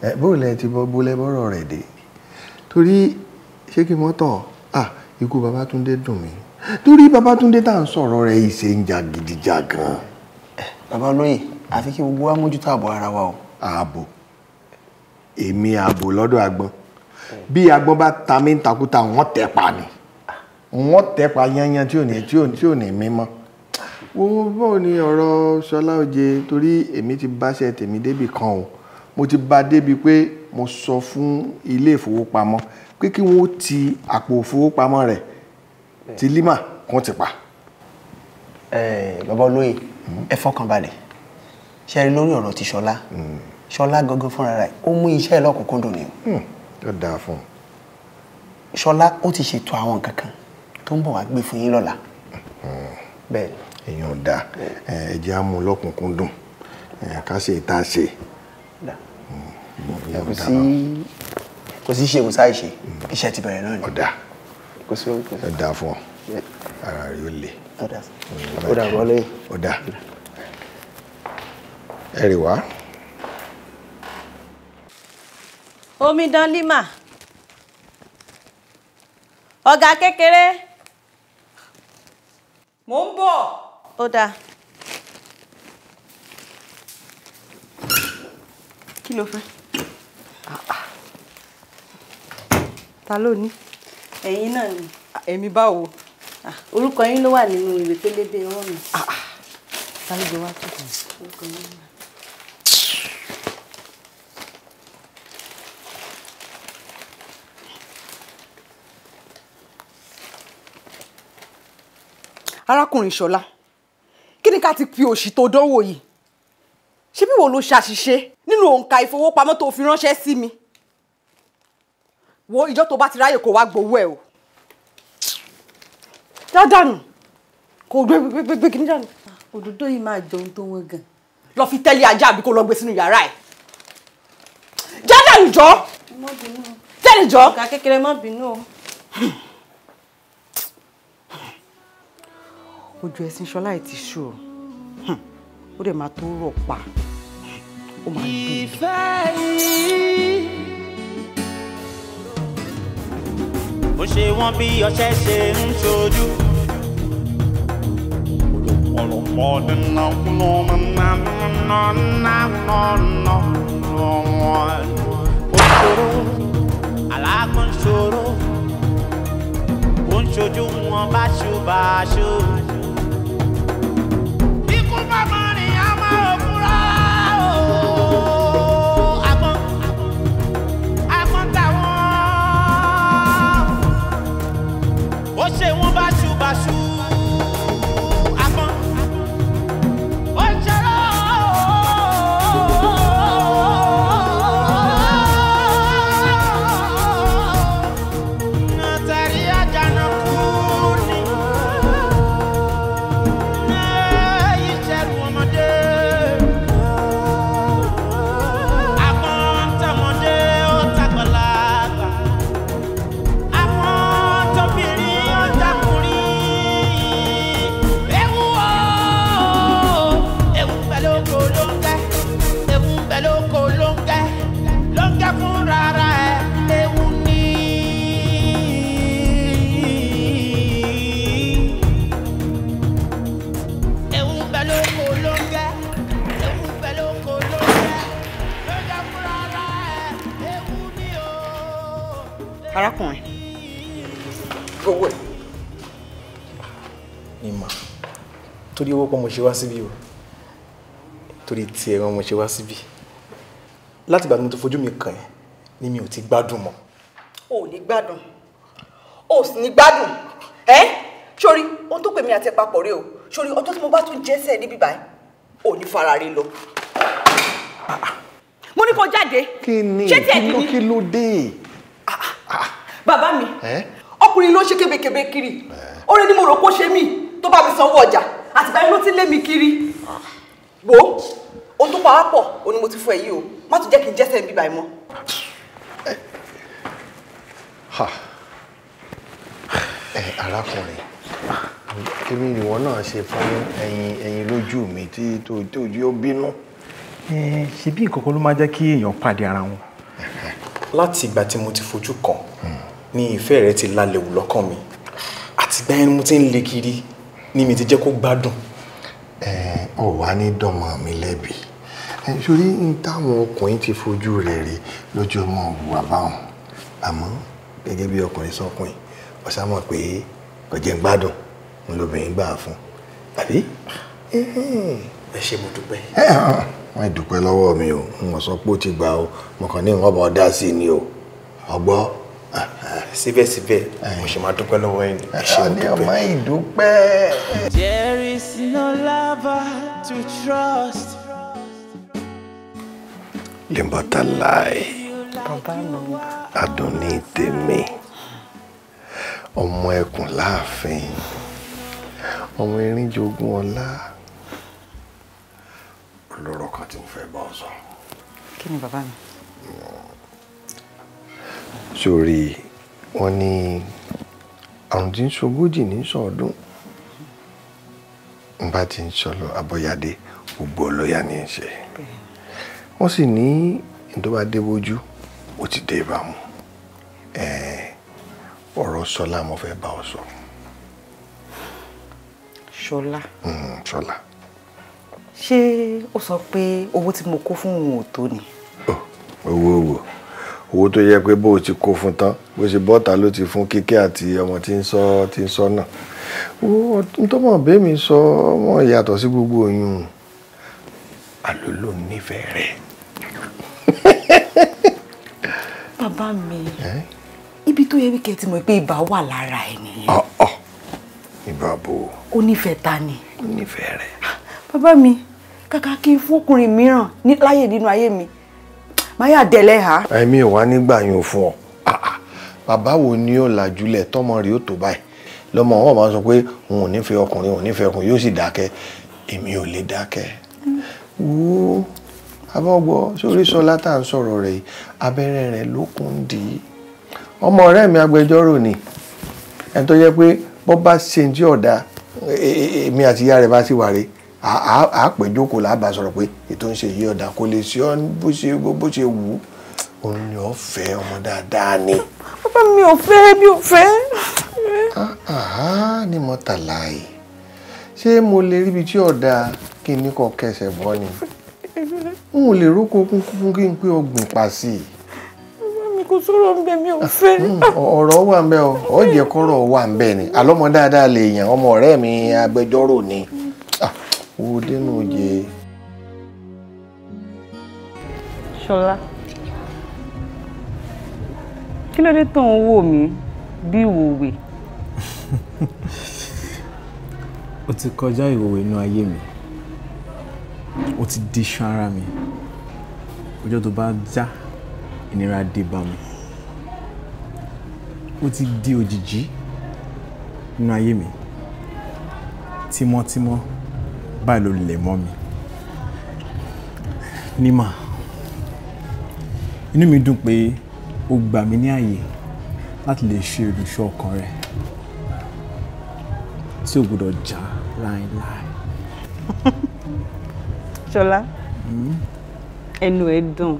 ẹ bóò lẹ ti bọ́ bólẹ́ bọ́rọ̀ rẹ̀ dé torí ṣé kí mọ́tọ̀ ah ikú Babátúndé dùn mí torí Babátúndé tá à ń sọ̀rọ̀ rẹ̀ yìí ṣe ń jà gidigidi gan. Eh, bàbá olóyè àfi kí gbogbo wa mójútó ààbò ara wa o. ààbò èmi ààbò lọ́dọ̀ agbọ́n bí agbọ́n bá ta mí ń takúta wọ́n tẹ̀ pa ni ah. wọ́n tẹ̀ pa yányán tí ò ní mímọ́ wo báwo ni ọ̀rọ̀ Ṣọlá Oje torí èmi ti báṣẹ tèmi débì kan o mo ti bá débi pé mo sọ fún ilé ìfowópamọ́ pé kí wọ́n ti àpò ìfowópamọ́ rẹ̀ ti lima kan ti pa. bàbá olóye ẹ fọkàn balẹ̀ ṣe rí lórí ọ̀rọ̀ ti Ṣọlá hmm. Ṣọlá gangan fúnra rẹ̀ ó mú iṣẹ́ ìlọ́kùnkúndùn ni o. Hmm, ó dáa fún un. Ṣọlá ó ti ṣètò àwọn nǹkan kan tó ń bọ̀ wá gbé fún yín lọ́la. Hmm. bẹ́ẹ̀ ni èèyàn ò dáa ẹ jẹ́ àmú lọ́kùnkúndùn ká ṣe tá a ṣe. Mm-hmm. kò sí kò sí ṣe kò sáì ṣe mm-hmm. iṣẹ́ ti bẹ̀rẹ̀ náà ni. ọ̀dà ọ̀dà fún ọ ara rẹ yóò le. ọ̀dà wọlé. ọ̀dà ẹ wá. omidan lima ọ̀gá kékeré mò ń bọ̀. Oda, dáa. kí ló fẹ́? Ah, ah. ta ló ní? ẹ̀yin náà ni. Ah, èmi báwo? orúkọ yín ló wà nínú ìwé pélébé ọwọ́ mi. sálíjọ wá tó arákùnrin ṣọlá kí ni ká ti pi òṣì tó dánwò yìí ṣé bí wo ló ṣàṣìṣe nínú òǹkà ìfowópamọ́ tó fi ránṣẹ́ sí mi wo ìjọ́ tó bá ti ráyè kó wá gbowó ẹ̀ o dádànù kò gbé gbégbé kí ni dànù. òdòdó yìí máa jẹun tó wọn gan. lọ fi tẹ́lẹ̀ ajá àbí kó lọ gbé sínú yàrá ẹ̀ jádànù jọ tẹ́lẹ̀ jọ. ọ̀gá kékeré má bínú o. Hmm. ojú ẹ̀sìn ṣọlá ẹ̀ ti ṣù ó dẹ̀ máa tó rọ̀ pa ó máa dùn. ìfẹ́ yìí ó ṣe wọ́n bí ọṣẹ ṣe ń ṣojú. ọlọmọdé náà kúnlọ nínú nínú nínú nínú nínú òṣòro alágúnṣòro ó ń ṣojú wọn báṣubàṣu. pé mo ṣe wá síbí o torí tiẹ̀ wọn mo se wá síbí láti ìgbà tí mo ti fojú mi kàn ẹ́ ni mi ò ti gbádùn mọ́. o ò ní gbádùn o ò sì ní gbádùn ẹ sórí ohun tó pè mí àti ẹ papọ̀ rèé o sórí ọjọ́ tí mo bá tún jẹ́sẹ̀ níbí báyìí ò ní fara rí lọ. mo ní kó jáde ṣé tiẹ̀ kí ni kí ló dé. bàbá mi ọkùnrin ló ṣe kébékébé kiri oore ni mo rò kó ṣe mí tó bá mi sanwó ọjà àtìgbà yẹn ló ti lé mi kiri wo o tó pa wá pọ̀ o ni mo ti fún ẹ yìí o má tún jẹ́ kí n jẹ́sẹ̀ bíbá ẹ mọ́. ẹ arákùnrin kí ni ìwọ náà ṣe fún ẹyin ẹyin lójú mi tí tó tójú ó bínú. ṣe bí ìkòkò ló máa jẹ́ kí èèyàn pàdé ara wọn. láti ìgbà tí mo ti fojú kàn ni ìfẹ́ rẹ ti lálẹ́ wù lọ́kàn mi àtìgbà yẹn ni mo ti ń le kiri ni mi ti jẹ́ kó gbádùn. ẹ ọ wá ní dọmọ mi lẹ́bi sórí n táwọn ọkùnrin ti fojú rẹ̀ rí lójú ọmọ òwúwa báwọn àmọ́ gẹ́gẹ́ bí ọkùnrin sọkùnrin ọ̀sá mọ̀ pé kò jẹ́ ń gbádùn ń lóbìnrin gbà fún àbí. ẹ ṣe mo dúpẹ́. wọ́n dúpẹ́ lọ́wọ́ mi o wọ́n sọ pé ó ti gbà o mo kàn ní ìwọ́n bá ọ dá sí i ni o ọgbọ́ síbẹ̀síbẹ̀ mo ṣe máa dúpẹ́ lọ́wọ́ yín ṣe mo dúpẹ́. àní ìdúpẹ́. There is no lover to trust. Limbatalai. Bàbá mi. Adùnní tèmi. Ọmọ ẹkùn láàfin. Ọmọ erin jogún ọlá. Olóró kan tí mo fẹ́ bá ọ sọ. Kí ni bàbá mi? Sórí. So, wọ́n ní àrùn tí ń ṣogójì ní sọ̀ọ́dún n bá ti ń sọ̀lọ̀ abọ́yadé gbogbo ọlọ́yà ní í ṣe wọ́n sì ní ìdọ́ba déwójú ó ti dé ìbámu ọ̀rọ̀ sọlá mo fẹ́ bá ọ sọ. sọlá. sọlá. Hmm, ṣé o sọ pé owó tí mo kó fún òun ò tó ni. Oh, owó owó owó tó yẹ pé bó o ti kó fún tán bó ṣe bọ́ta ló ti fún kíkẹ́ àti ọmọ tí ń sọ tí ń sọ náà ntọ́mọ bẹ́ẹ̀ mi sọ ọmọ yàtọ̀ sí gbogbo oyún àlólò nífẹ̀ẹ́ rẹ̀. bàbá mi ibi tó yẹ bí kẹ́ ti mọ̀ pé ibà wà lára ẹ̀ nìyẹn. ibà bò. ó nífẹ̀ẹ́ ta ni. ó nífẹ̀ẹ́ rẹ̀. bàbá mi kàkà kí n fún ọkùnrin mìíràn láyè nínú ayé mi máyà dẹ̀lẹ́ ha. èmi ò wá nígbà yín fún ọ ah, ah. bàbá wo ni ó làjúlẹ̀ tọmọ rẹ̀ ó tó báyìí lọmọ wọn máa sọ pé òun ò nífẹ̀ẹ́ ọkùnrin òun nífẹ̀ẹ́ ọkùnrin yóò sì dákẹ́ èmi ò lè dákẹ́ wo abọ́gbọ́ sórí sọlá tá à ń sọ̀rọ̀ rẹ̀ abẹ́rẹ́ rẹ̀ ló kún dì í ọmọ ọ̀rẹ́ mi agbẹjọ́rò ni ẹni tó yẹ pé bọ́ bá ṣe ní ọ̀dà e, e, e, èmi àti ìyá rẹ̀ bá sì wà rèé a pè jókòó lábà sọ̀rọ̀ pé ètò ń ṣe yí ọ̀dà kò lè ṣe ọ́ bó ṣe bó ṣe wù ú òun ni ó fẹ́ ọmọ dáadáa ni. bàbá mi ò fẹ́ mi ò fẹ́. Ah, ní mọ́tàlá yìí ṣé mo lè ríbi tí ọ̀dà kí ni kò kẹsẹ̀ bọ́ ni n ò lè rókò kúnkún kí n pé ọgbìn pa sí i. bàbá mi kò sọ̀rọ̀ ń mi ò ah, fẹ́. Hmm, ọ̀rọ̀ wà ń bẹ ọ ọ̀jẹ̀kọ̀rọ̀ wà ń bẹ ni àlọ́mọ dáadáa lè yàn ọmọ ọ̀rẹ́ mi agbẹjọ́rò ni wo dénú Shola. ṣọlá kí ló dé tó ń wò o ti kọjá ìwòwe inú ayé mi o ti di iṣan ara mi ọjọ́ tó bá já ìnira dé bá mi o ti di òjìjí nínú ayé mi tímọ́tímọ́ báyìí ló lè mọ́ mi nímọ̀ inú mi dùn pé o gbà mí ní àyè láti lè ṣe olùṣọ́ ọkàn rẹ tí o gbọ́dọ̀ já láéláé. ṣọlá hmm? ẹnu ẹ dùn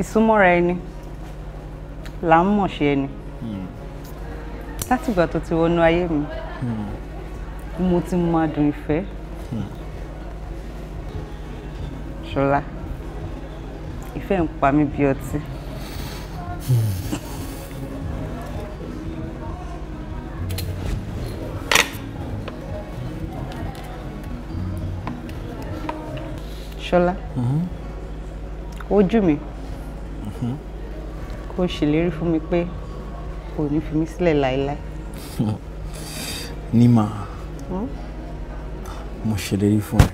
ìsúnmọ́ra ẹni là ń mọ̀ ṣe ẹni hmm. látìgbà tó ti wọnú ayé mi. Mm mo ti mọ adùn ìfẹ́ hmm. ṣọlá ìfẹ́ ń pa mí bí ọtí. ṣọlá hmm. ojú mi hmm. kò ṣèlérí fún mi pé kò ní fi mí sílẹ̀ láéláé. ní màá. Hmm? mo ṣèlérí fún ẹ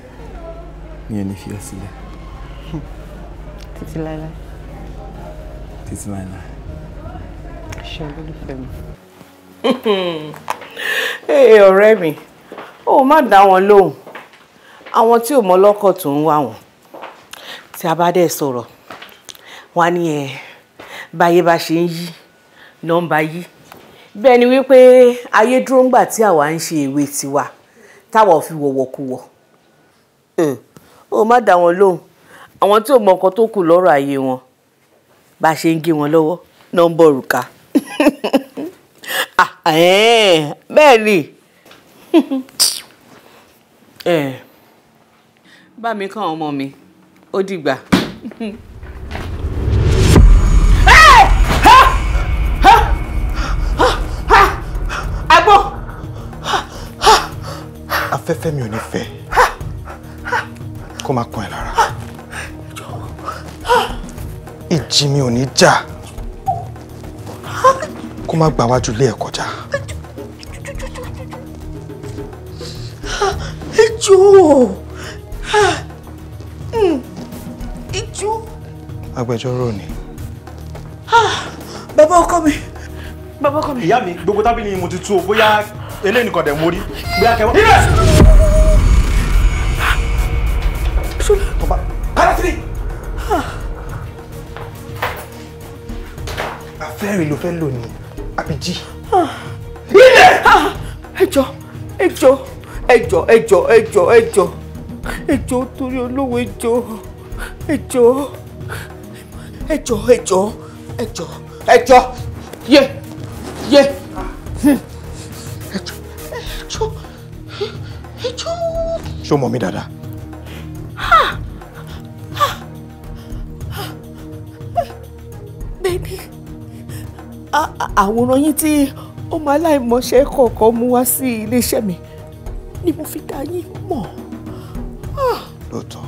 mi ò ní fi ẹ sílẹ̀. títí láíláí. títí láíláí. ṣé olólùfẹ́ mi. ee ọ̀rẹ́ mi ó má dá wọn lóhùn àwọn tí ò mọ lọ́kọ̀ tó ń wá wọn tí a bá dẹ̀ sọ̀rọ̀ wọn á ní báyé bá ṣe ń yí nọ́mbà yìí bẹ́ẹ̀ ni wípé ayé dúró ńgbà tí àwa ń ṣe èwe tiwa táwa ò fi wọ̀wọ̀kuwọ̀ ó hmm. má dá wọn lóhùn àwọn tí ò mọ nǹkan tó kù lọ́rọ̀ ayé wọn bá a ṣe ń gé wọn lọ́wọ́ nọ́mbà òrùka ah, bẹ́ẹ̀ ni eh. bá mi kàn ọmọ mi ó dìgbà. fẹ́fẹ́ mi ò ní fẹ́ kó má pọ́n ẹ lára ìjì mi ò ní jà kó má gbà wájú lé ẹ kọjá. ìjọ ìjọ. Hmm. agbẹjọ́rò ni. bàbá ọkọ mi bàbá ọkọ mi. ìyá mi gbogbo tábìlì mo ti tú o bóyá eléyìí nìkan dẹ̀ mórí bóyá kẹwàá. rè ló fẹ́ lò ní àbíjí. ilẹ̀. ẹjọ ẹjọ ẹjọ ẹjọ ẹjọ ẹjọ ẹjọ torí olówó ẹjọ ẹjọ ẹjọ ẹjọ ẹjọ ẹjọ yé yé ẹjọ ẹjọ ẹjọ. ṣé o mọ̀ mí dáadáa. àwòrán yín tí ọmọ aláìmọṣẹ́ kọ̀ọ̀kan mú wá sí iléeṣẹ́ mi ni mo fi dá yín mọ̀. Ah. lóòótọ́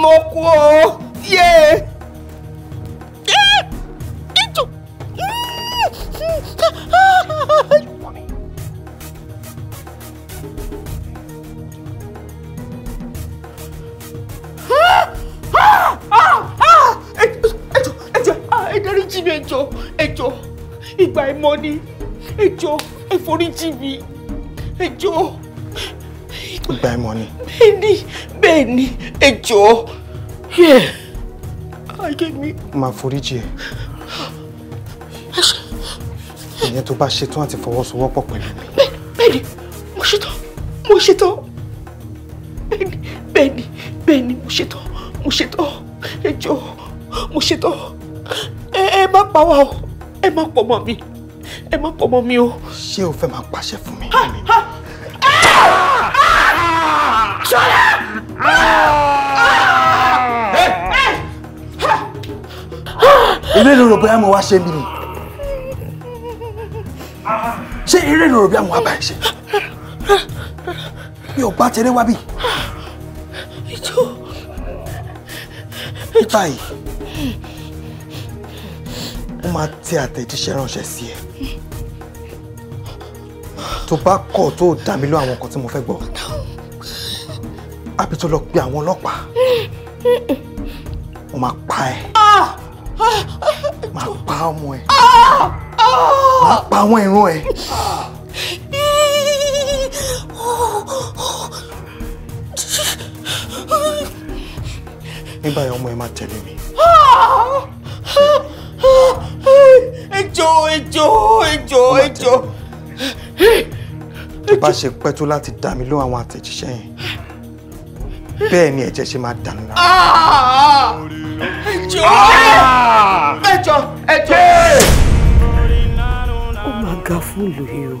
mo kú o yé ìgbà ìmọ̀ ni ẹ jọ̀ọ́ ẹ foríjì mi ẹ jọ̀ọ́. ìgbà ìmọ̀ ni. bẹ́ẹ̀ni bẹ́ẹ̀ni ẹ jọ̀ọ́ ayé mi. máa foríjì ẹ ìyẹn tó bá ṣetán àti fọwọ́sowọ́pọ̀ pẹ̀lú mi. bẹ́ẹ̀ni mo ṣetán mo ṣetán bẹ́ẹ̀ni bẹ́ẹ̀ni bẹ́ẹ̀ni mo ṣetán mo ṣetán ẹ jọ̀ọ́ mo ṣetán ẹ má pa wá o ẹ má pọ̀ mọ́ mi ẹ má pọ̀ mọ́ mi o. ṣé o fẹ́ máa pàṣẹ fún mi. ṣọlá. ilé ah! ló rò bóyá mo wá ṣe mí ni ṣé eré ló rò bóyá mo wá bá ẹ ṣe mi ò bá tẹ̀lé wá bí. ìjọ. ìjọ. báyìí máa tẹ àtẹ̀jíṣẹ́ ránṣẹ́ sí ẹ tó bá kọ̀ tó dá mi lọ àwọn nǹkan tí mo fẹ́ gbọ́ àbí tó lọ pe àwọn ọlọ́pàá mo máa pa ẹ máa pa ọmọ ẹ máa pa àwọn ìran ẹ. nígbà yẹn ọmọ ẹ máa tẹ̀lé mi. ejò ejò ejò ejò. tó bá ṣe pẹ́ tó láti dá mi lóhùn àwọn àtẹ̀jíṣẹ́ yẹn bẹ́ẹ̀ ni ẹ̀jẹ̀ ṣe máa dànù lára. ẹjọ́ ẹjọ́ ẹjọ́. ó máa ga fún ìlú o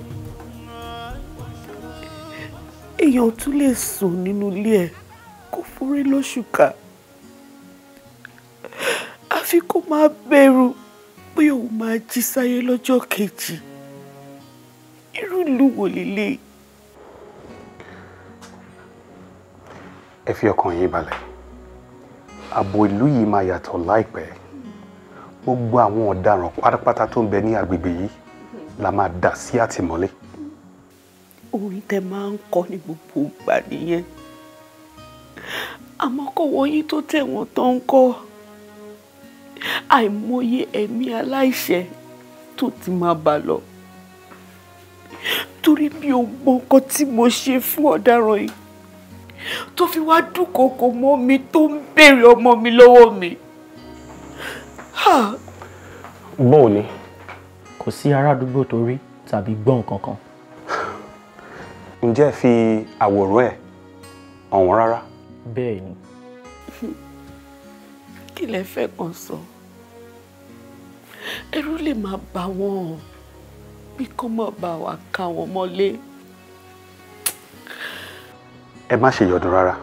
èèyàn tún lè sùn nínú ilé ẹ̀ kó forí lóṣù ká àfi kó máa bẹ̀rù pé òun máa jí sáyé lọ́jọ́ kejì irú ìlú wo lélẹ̀. ẹ fi ọkàn yín balẹ̀ ààbò ìlú yìí máa yàtọ̀ láìpẹ́ gbogbo àwọn ọ̀daràn pátápátá tó ń bẹ ní agbègbè yìí la máa dà sí àtìmọ́lé. ohun tẹ máa ń kọ ní gbogbo ìgbà nìyẹn àmọ́ kọ̀wọ́ yín tó tẹ̀wọ̀n tán ń kọ́ àìmọye ẹ̀mí aláìṣẹ̀ tó ti máa bà lọ torí mi ò mọ nǹkan tí mo ṣe fún ọ̀daràn yìí tó fi wá dúnkokò mọ́ mi tó ń béèrè ọmọ mi lọ́wọ́ mi. bọ́ọ̀ ni kò sí arádúgbò tó rí tàbí gbọ́ nǹkan kan. ǹjẹ́ fi àwòrán ẹ̀ hàn rárá. bẹ́ẹ̀ ni. kí lẹ fẹ́ kàn sọ. So? ẹ̀rù lè máa bà wọ́n bí kò mọ̀ bá wa ká wọn mọ́lé. ẹ má ṣe yọdún rárá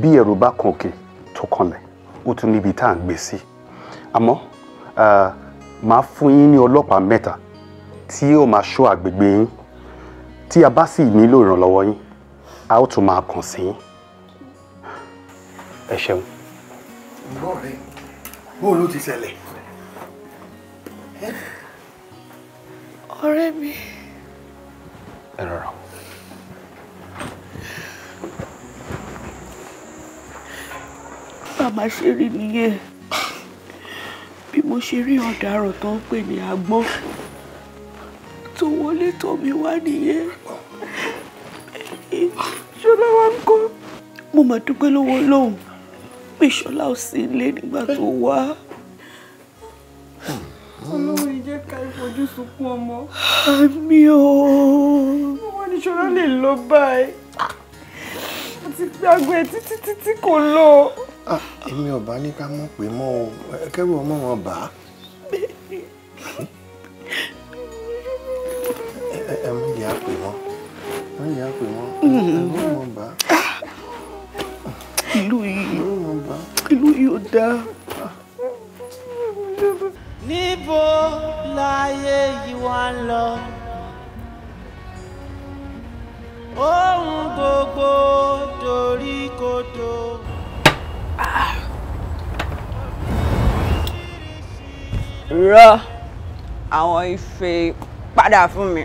bí ẹ̀rù bá kan òkè tó kanlẹ̀ ó tún níbi tá à ń gbé sí àmọ́ màá fún yín ní ọlọ́pàá mẹ́ta tí yóò máa ṣọ́ àgbègbè yín tí a bá sì nílò ìrànlọ́wọ́ yín a ó tún máa kàn sí yín ẹ ṣeun. ìwọ ti ṣẹlẹ̀ ọ̀rẹ́ mi. ẹ rọra. bàbá ṣe rí nìyẹn bí mo ṣe rí ọ̀daràn tó ń pè ní agbọ́n tó wọlé tọ̀ mí wá nìyẹn ṣọlá wa ń kọ́ mo mà dúpẹ́ lọ́wọ́ lọ́hùn-ún ṣọlá ò sí ilé nígbà tó wá. Ọlọ́run jẹ́ ká ìfojú sunkún ọmọ. Àmì o. Wọ́n ní ṣọlá lè lọ báyìí. Mo ti gbàgbé títí títí kò lọ. Ah, èmi ò bá ní ká mọ̀ pé mọ́ o, kẹ́rù ọmọ wọn bá. Ẹ mú ìyá pè wọ́n, mú ìyá pè wọ́n, ọmọ wọn bá. Ah, ìlú yìí, ìlú yìí ò dáa níbo láyé yìí wá ń lọ ohun gbogbo dorí kodò. rọ àwọn ife padà fún mi.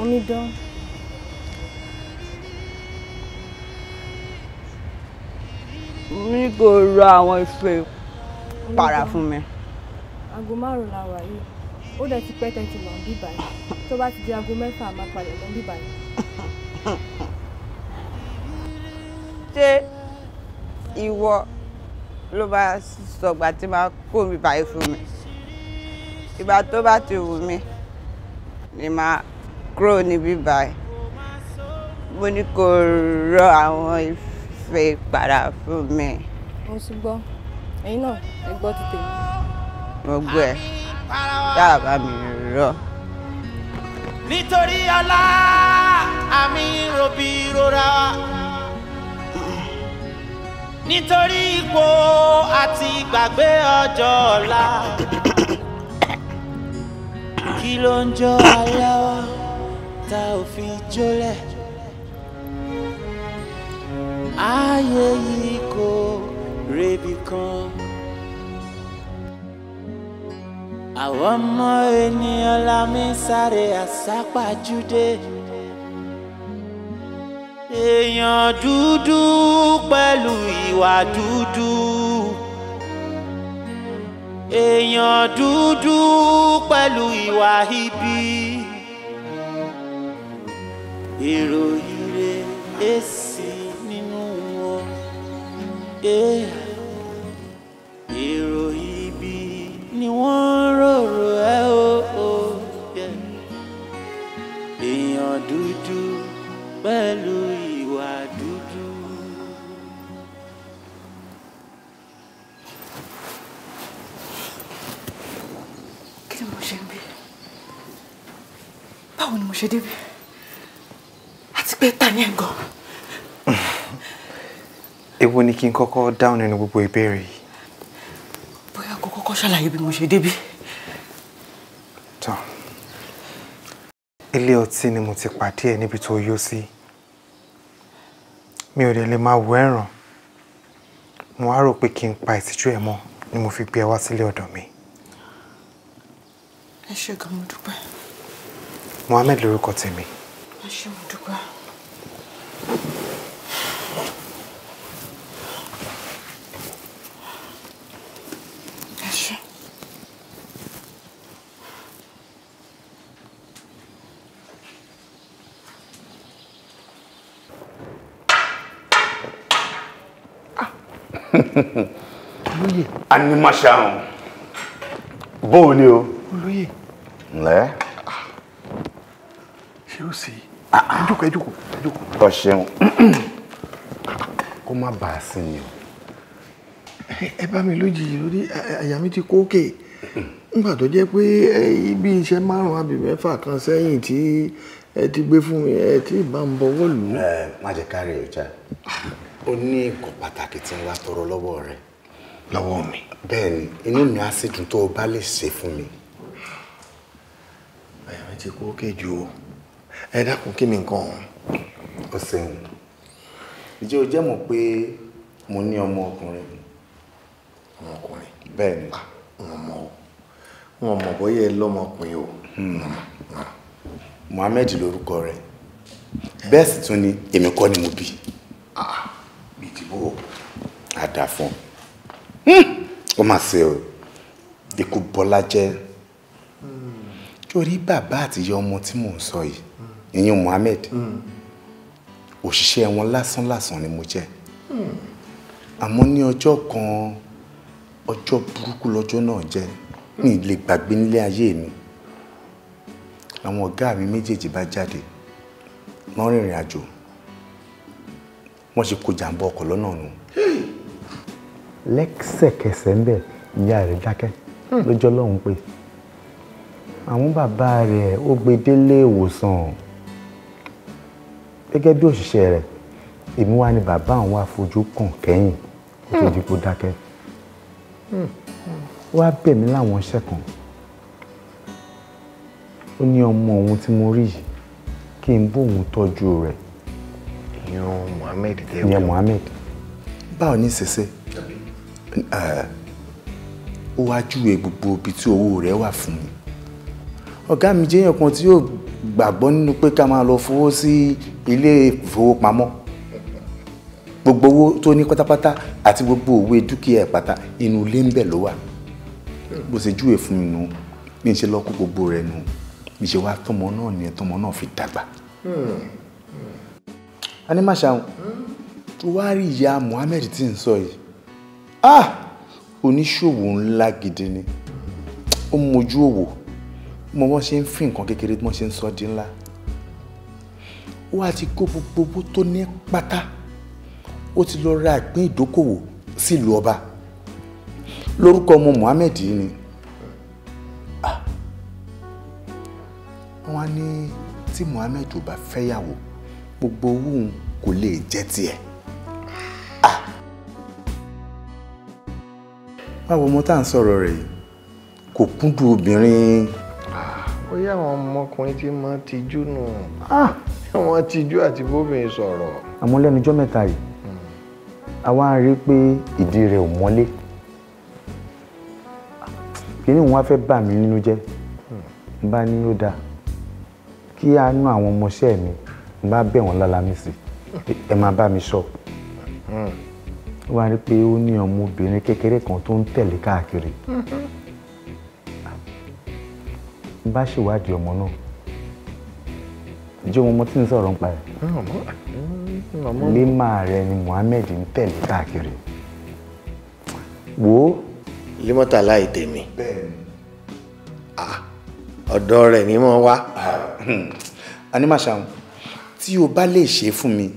omidan. mi kò rọ àwọn ife padà fún mi. Mm -hmm aago márùn-ún la wà yìí ó dẹ̀ ti pẹ́ tẹ́tí lọ bí báyìí tó bá ti di aago mẹ́fà máa padà lọ bí báyìí. ṣé ìwọ ló bá sọgbà tí máa kó mi báyìí fún mi ìgbà tó bá ti wù mí ni máa kúrò níbí báyìí mo ní kó rọ àwọn ìfẹ́ padà fún mi. mo ti gbọ́ ẹ̀yin náà ẹ gbọ́ ti gbogbo ẹ̀ yára bá mi rọ. nítorí ọlá àmì robi rora nítorí ipò àti gbàgbé ọjọ́ ọ̀la kí ló ń jọ aláwọ̀ tá ò fi jólẹ̀ ayé yìí kò rebi kan. àwọn ọmọ ènìyàn la mi sáré àsápàjúdé èèyàn dúdú pẹ̀lú ìwà dúdú èèyàn dúdú pẹ̀lú ìwà ibi èrò ire èsì nínú wọn. Yeah. ni wọ́n rorò ẹ́ o o èèyàn dúdú pẹ̀lú ìwà dúdú. kí ni mo ṣe ń bí báwo ni mo ṣe débi àti pé ta ni ẹ̀ gan. èwo ni kí n kọ́kọ́ dáhùn nínú gbogbo ìbéèrè yìí ṣàlàyé bí mo ṣe débí. tán ilé ọtí ni mo ti pàdé ẹ níbi tó yó sí mi ò dẹ̀ lè máa wọ ẹ̀ràn mo wá rò pé kí n pa ìtìjú ẹ mọ́ ni mo fi gbé ẹ wá sílé ọ̀dọ̀ mi. ẹ ṣé gan mo dúpẹ́. Mohammed lórúkọ tèmi. ẹ ṣé mo dúpẹ́. olóyè. animaṣahun bóò ni o. olóyè. ǹlẹ́. ṣé o sì ẹjọ́kọ̀ ẹjọ́kọ̀ ẹjọ́kọ̀. ọ ṣeun kó má bàa sí mi o. ẹ bá mi lójijì lórí àyà mi ti kókè nígbà tó jẹ́ pé ibi iṣẹ́ márùn-ún àbí mẹ́fà kan sẹ́yìn tí ẹ ti gbé fún mi ẹ ti bá ń bọwọ́ lù ú. ẹ má jẹ kárí ọjà ó ní nǹkan pàtàkì tí ń wá tọrọ lọ́wọ́ rẹ. lọ́wọ́ mi. bẹ́ẹ̀ ni inú mi á sì dùn tó o bá lè ṣe fún mi. ẹ̀yà mi ti kú òkè ju o ẹ dákun kí ni nǹkan ọ̀hún. o ṣeun ìjẹ́ o jẹ́ mọ̀ pé mo ní ọmọ ọkùnrin. ọmọ bẹ́ẹ̀ ni. wọn ah, mọ wọn mọ bóyá ẹ lọ́mọkùnrin o. Hmm. Mohammed lórúkọ rẹ eh? bẹ́ẹ̀ sì tún ni èmi kọ́ ni mo bí. Ah ìdìbò àdàfún hmm, ó mà ṣe o ikú bọ́lá jẹ́ torí bàbá àtìyá ọmọ tí mò ń sọ yìí ìyún Mohammed òṣìṣẹ́ wọn lásánlàsán ni mo jẹ́ àmọ́ ní ọjọ́ kan ọjọ́ burúkú lọ́jọ́ náà jẹ́ mi lè gbàgbé nílé ayé mi àwọn ọ̀gá mi méjèèjì bá jáde wọ́n rìnrìn àjò wọ́n ṣe kó jàǹbá ọkọ̀ lọ́nà nù. lẹ́sẹ̀kẹsẹ̀ ń bẹ̀ ìyá rẹ̀ dákẹ́ hmm. lọ́jọ́ lọ́hùn pé àwọn bàbá rẹ̀ ó gbé délé ìwòsàn gẹ́gẹ́ bí òṣìṣẹ́ rẹ̀ èmi wá ní bàbá àwọn wá fojú kàn kẹ́yìn kó tó hmm. di kó dákẹ́ hmm. wá bẹ̀ mí láwọn iṣẹ́ kan ó ní ọmọ òun tí mo rí yìí kí n bóun tọ́jú rẹ̀ ìyún Muhammed tẹ o. ìyẹn Muhammed. báwo ni ṣẹṣẹ ó wá júwe gbogbo ibi tí owó rẹ wà fún mi ọ̀gá mi jẹ́yàn kan tí yóò gbàgbọ́ nínú pé ká máa lọ fowó sí ilé ìfowópamọ́ gbogbo owó tó ní pátápátá àti gbogbo òwe dúkìá ẹ̀ pátá inú ilé ń bẹ̀ ló wà bó ṣe júwe fún mi nù bí n ṣe lọ kó gbogbo rẹ̀ nù bí n ṣe wá tọmọ náà nìyẹn tọmọ náà fi dàgbà. Hmm. Animashaun tó wá rí ìyá Muhammed tí ń sọ yìí ah oníṣòwò ńlá gidi ni ó mojú òwò mo wọ́n ṣe ń fi nǹkan kékeré tí wọ́n ṣe ń sọ di ńlá ó wá ti kó gbogbo owó tó ní pátá ó ti lọ ra ìpín ìdókòwò sílùú ọba lórúkọ ọmọ Muhammed yìí ni ah! wọ́n á ní tí Muhammed ò bá fẹ́yàwó gbogbo owó kò lè jẹ́ tiẹ̀. Ah. báwo ọmọ tá à ń sọ̀rọ̀ rẹ̀ yìí kò kúndùn obìnrin. ó yá àwọn ọmọkùnrin tí máa tijú nù ah. wọn tijú àti bóbìnrin sọ̀rọ̀. àmọ́ lẹ́nujọ́ mẹ́ta yìí àwa hmm. rí i pé ìdí rẹ̀ ò mọ́lé kíní wọn fẹ́ bà mí nínú jẹ́ hmm. bá ní ó dáa kí a nú àwọn ọmọọṣẹ́ mi n bá bẹ̀ wọ́n lálámísì ẹ máa bá mi sọ ó wá rí pé ó ní ọmọbìnrin kékeré kan tó ń tẹ̀lé káàkiri n bá ṣèwádìí ọmọ náà jẹ́ ohun ọmọ tí ń sọ̀rọ̀ ń pa ẹ̀ lẹ́mà rẹ ni Mohammed ń tẹ̀lé káàkiri wo. límọ́tà láì tèmi ọ̀dọ́ rẹ̀ ni mo wá. a ní màṣà tí o bá lè ṣe fún mi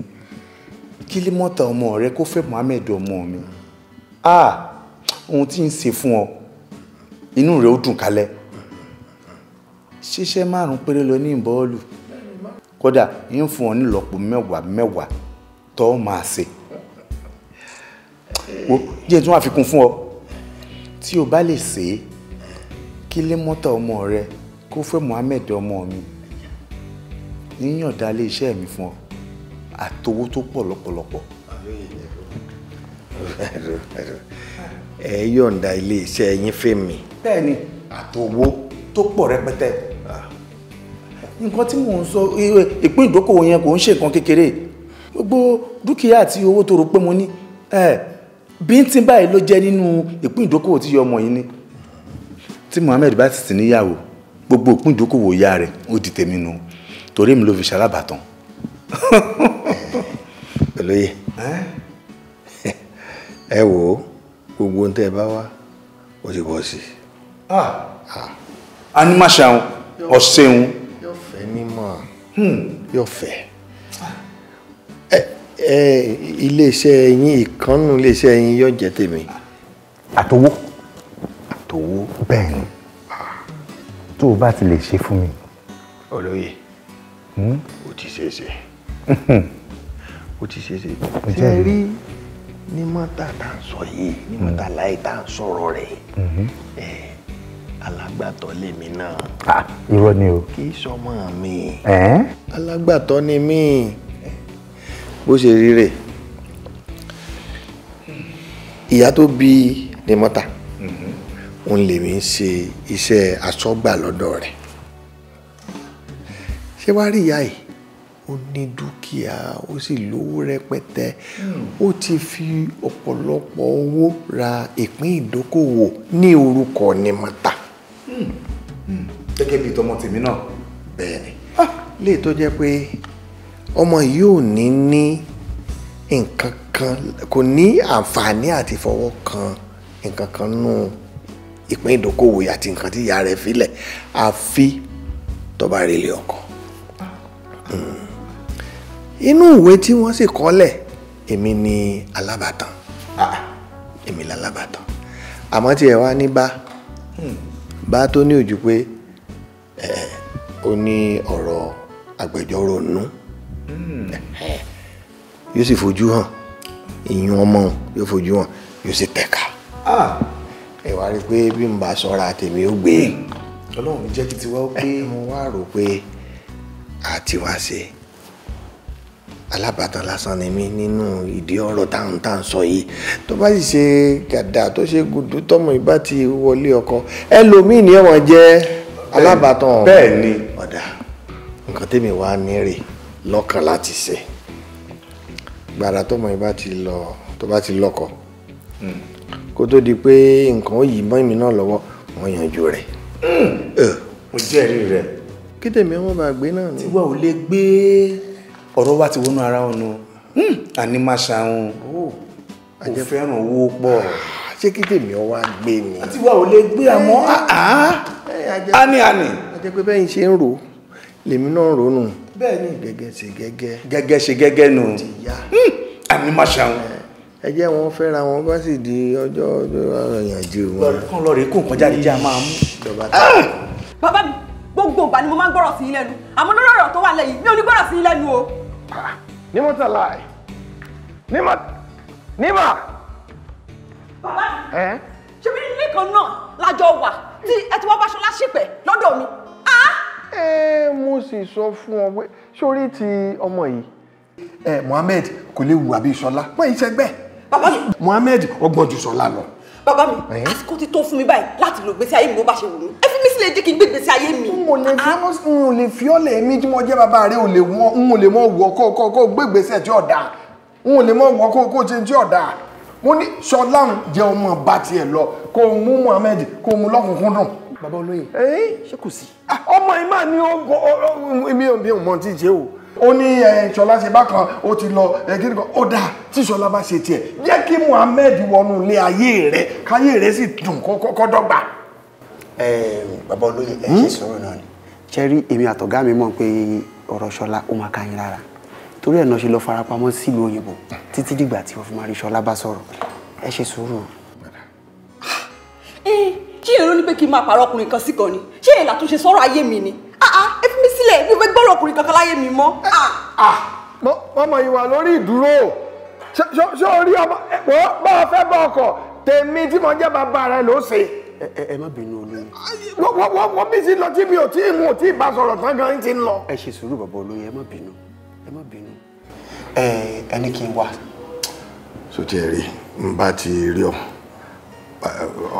kí lè mọ́ta ọmọ rẹ kó fẹ́ Mohammed ọmọ mi ah ohun tí ń ṣe fún ọ inú rẹ ó dùn kalẹ̀ ṣiṣẹ́ márùn-ún péré lọ ní ìbọ́ọ̀lù kódà ń fún ọ nílọ́pọ̀ mẹ́wàá mẹ́wàá tó máa ṣe wo díẹ̀ tún àfikún fún ọ tí o bá lè ṣe é kí lè mọ́ta ọmọ rẹ kó fẹ́ Mohammed ọmọ mi níyànda ilé iṣẹ́ mi fún ọ àtowó tó pọ̀ lọ́pọ̀lọpọ̀. ẹ yọ̀ǹda ilé iṣẹ́ yín fẹ́mi. bẹ́ẹ̀ni àtowó tó pọ̀ rẹpẹtẹ ah. nǹkan tí mò ń sọ ìpín ìdókòwò yẹn kò ń ṣe nǹkan kékeré gbogbo dúkìá àti owó tó rò pé mo ní bíntín báyìí ló jẹ́ nínú ìpín ìdókòwò tí yọ ọmọ yìí ní tí Mohammed bá sì ti níyàwó gbogbo ìpín ìdókòwò ìyá rẹ̀ ó di tèmi nù torí mi ló fi ṣalábàtàn olóye ẹ wò ó gbogbo ohun tẹ ẹ bá wá ó ti bọ̀ sí. Ah. Ah. a ní má ṣàwọn ọ̀sẹ̀ wọn. yóò fẹ́ mímọ́ hmm. yóò fẹ́ iléeṣẹ́ yín ìkànnù iléeṣẹ́ yín yóò jẹ́ tèmi. àtòwó àtòwó bẹ́ẹ̀ ni tó o bá ti lè ṣe fún mi. olóye. Oh, Hmm? ó ti ṣeéṣe hmm. ó ti ṣeéṣe ṣe rí ní mọ́tà tá à ń sọ yìí ní mọ́tà hmm. láì tá à ń sọ̀rọ̀ rẹ̀ ẹ̀ alágbàtọ́ lèmi náà. irọ́ ni o. kì sọmọ mi. alágbàtọ́ ni mí bó ṣe rí rẹ̀ ìyá tó bí ní mọ́tà òun lèmi ń ṣe iṣẹ́ aṣọ́gbà lọ́dọ̀ rẹ̀ ṣé wàá rí ìyá yìí ó ní dúkìá ó sì lówó rẹpẹtẹ hmm. ó ti fi ọ̀pọ̀lọpọ̀ owó ra ìpín ìdókòwò ní orúkọ ní mọ́ta. Hmm. Hmm. gẹ́gẹ́ bíi tọmọ tèmi náà bẹ́ẹ̀ ni. Ah, lè tó jẹ́ pé ọmọ yìí ò ní ní nǹkan kan kò ní àǹfààní àti fọwọ́ kan nǹkan kan nù ìpín ìdókòwò àti nǹkan tí ìyá rẹ̀ filẹ̀ àfi tó bá relé ọkọ inú ìwé tí wọ́n sì kọ́lẹ̀ èmi ni alábàtàn ah. Ah, èmi lálábàtàn àmọ́ tí ẹ wá ní bá hmm. bá tó ní ojú pé eh, ó ní ọ̀rọ̀ agbẹjọ́rò nù hmm. yóò sì fojú hàn ìyún ọmọ yóò fojú hàn yóò sì tẹ̀ka ah. ẹ wá rí i pé bí n bá sọ́ra tèmi ó gbé. Hmm. ọlọ́run jẹ́ kí tiwa ó pé. mo wá rò pé. Eh, àti wá ṣe alábàtàn lásán ni mí nínú ìdí ọ̀rọ̀ táwọn táwọn sọ yìí tó bá sì ṣe gàdà tó ṣe gùdú tọmọ ìbá ti wọlé ọkọ ẹlòmíì ni ẹwọn jẹ alábàtàn bẹ́ẹ̀ ni ọdà nǹkan tèmi wàá nírè lọ́kàn láti ṣe gbàrà tọmọ ìbá ti lọ tó bá ti lọ́kọ hmm. kó tó di pé nǹkan ó yí mọ́ èmi náà lọ́wọ́ wọ́n yanjú rẹ̀. Hmm. mo jẹ́rìí rẹ̀ kí tèmi ọmọ bá gbé náà ni. tiwa ò lè gbé ọ̀rọ̀ wa ti wọnú ara ọ̀nà hmm, àní máa ṣàwọn ò fẹ́ràn owó pọ̀. Ah, ṣé kí tèmi ọ wá gbé ni. Ah, tiwa ò lè gbé àmọ́ eh, ah, eh, eh, àní àní. àjẹ́ pé bẹ́ẹ̀ ń ṣe ń rò lèmi náà rò nù. bẹ́ẹ̀ni gẹ́gẹ́ ṣe gẹ́gẹ́. gẹ́gẹ́ ṣe gẹ́gẹ́ nù. Hmm, àní máa ṣàwọn ẹ jẹ́ wọn fẹ́ra wọn bá sì di ọjọ́ ọjọ́ ìyànjú wọn. lọ́ọ̀rì kan lọ́ọ̀rì kò kọjá ní jẹ́ a máa bàbá mi gbogbo ìgbà ni mo máa ń gbọ́rọ̀ sí yín lẹ́nu àmọ́ lórí ọ̀rọ̀ tó wà lẹ́yìn mi ò ní gbọ́rọ̀ sí yín lẹ́nu o. Ah, ní mo tẹ̀lé àì ní mo ní mà. bàbá mi ṣe bí ilé kan náà lájọ wà tí ẹ ti wá Báṣọlá ṣìpẹ̀ lọ́dọ̀ mi. ẹ mo sì sọ fún ọ pé sórí ti ọmọ yìí. ẹ Mohammed kò lè wù àbí Ṣọlá wọn yìí ṣẹgbẹ́. bàbá mi Mohammed ọgbọ́n ju Ṣọlá lọ. bàbá mi àsìkò ti tó fún mi báyìí láti lò ayé sì lè jẹ́ kí n gbégbèsè ayé mi. n lè fi n ò lè fi ah. ọ̀lẹ̀ mi tí mo jẹ́ bàbá rẹ n ò lè mọ wọ kó kó kó gbégbèsè tí ọ̀dà n ò lè mọ wọ kó kó tí ọ̀dà mo ní sọláhùn jẹ́ ọmọ bá tiẹ̀ lọ kó mú Muhammed kó o mú lọ́kùnkúndùn. bàbá olóyè ṣé kò sí. Ah, ọmọ yìí máa ní mi ò bí ọmọ tí ì o ó ní ṣọlá ṣe bákan ó ti lọ ẹgbẹ́ kan ó dáa tí ṣọlá bá ṣe tiẹ̀ jẹ́ kí Muhammed wọnú ilé ayé rẹ̀ káyé rẹ̀ sì dùn kọ́dọ̀gba bàbá olóyè ẹ hmm? ṣe sọ̀rọ̀ náà ni. ṣẹ́rí èmi àtọ̀gá mi mọ̀ pé ọ̀rọ̀ ṣọlá ó máa káyín lára torí ẹ̀ náà ṣe lọ farapamọ́ sílùú òyìnbó títí dìgbà tí wọ́n fi máa rí ṣọlá bá sọ̀rọ̀ ẹ ṣe sùúrù. ṣé èrò ni pé kí n máa pààrọ̀ ọkùnrin kan sí kan ni ṣé èèlà tó ṣe sọ̀rọ̀ ayé mi ni ah, ah, ẹ fi mí sílẹ̀ mi ò fẹ́ gbọ́rọ̀ ọkùnrin kankan láyé mi mọ́. ọmọ ah. ìwà lórí ìdúró ṣé orí ọmọ bá a fẹ́ bọ́ ọkọ̀ tèmi tí mo jẹ́ bàbá rẹ ló ẹ má bínú olóyè. wọ́n wọ́n bí sí lọ tí mi ò tí ì mú ò tí ì bá sọ̀rọ̀ tán gan ti ń lọ. ẹ ṣe sùúrù bàbá olóyè ẹ má bínú ẹ má bínú. ẹ ẹni kì í wà. sotí ẹ rí n bá ti rí ọ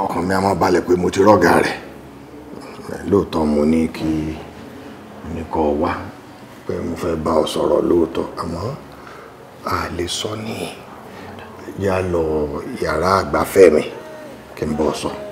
ọkàn mi á máa balẹ̀ pé mo ti rọ́gà rẹ̀ lóòótọ́ mo ní kí ní kọ́ wá pé mo fẹ́ bá ọ sọ̀rọ̀ lóòótọ́ àmọ́ a lè sọ ní yálọ yàrá àgbàfẹ́ mi kí n bọ́ sọ. So.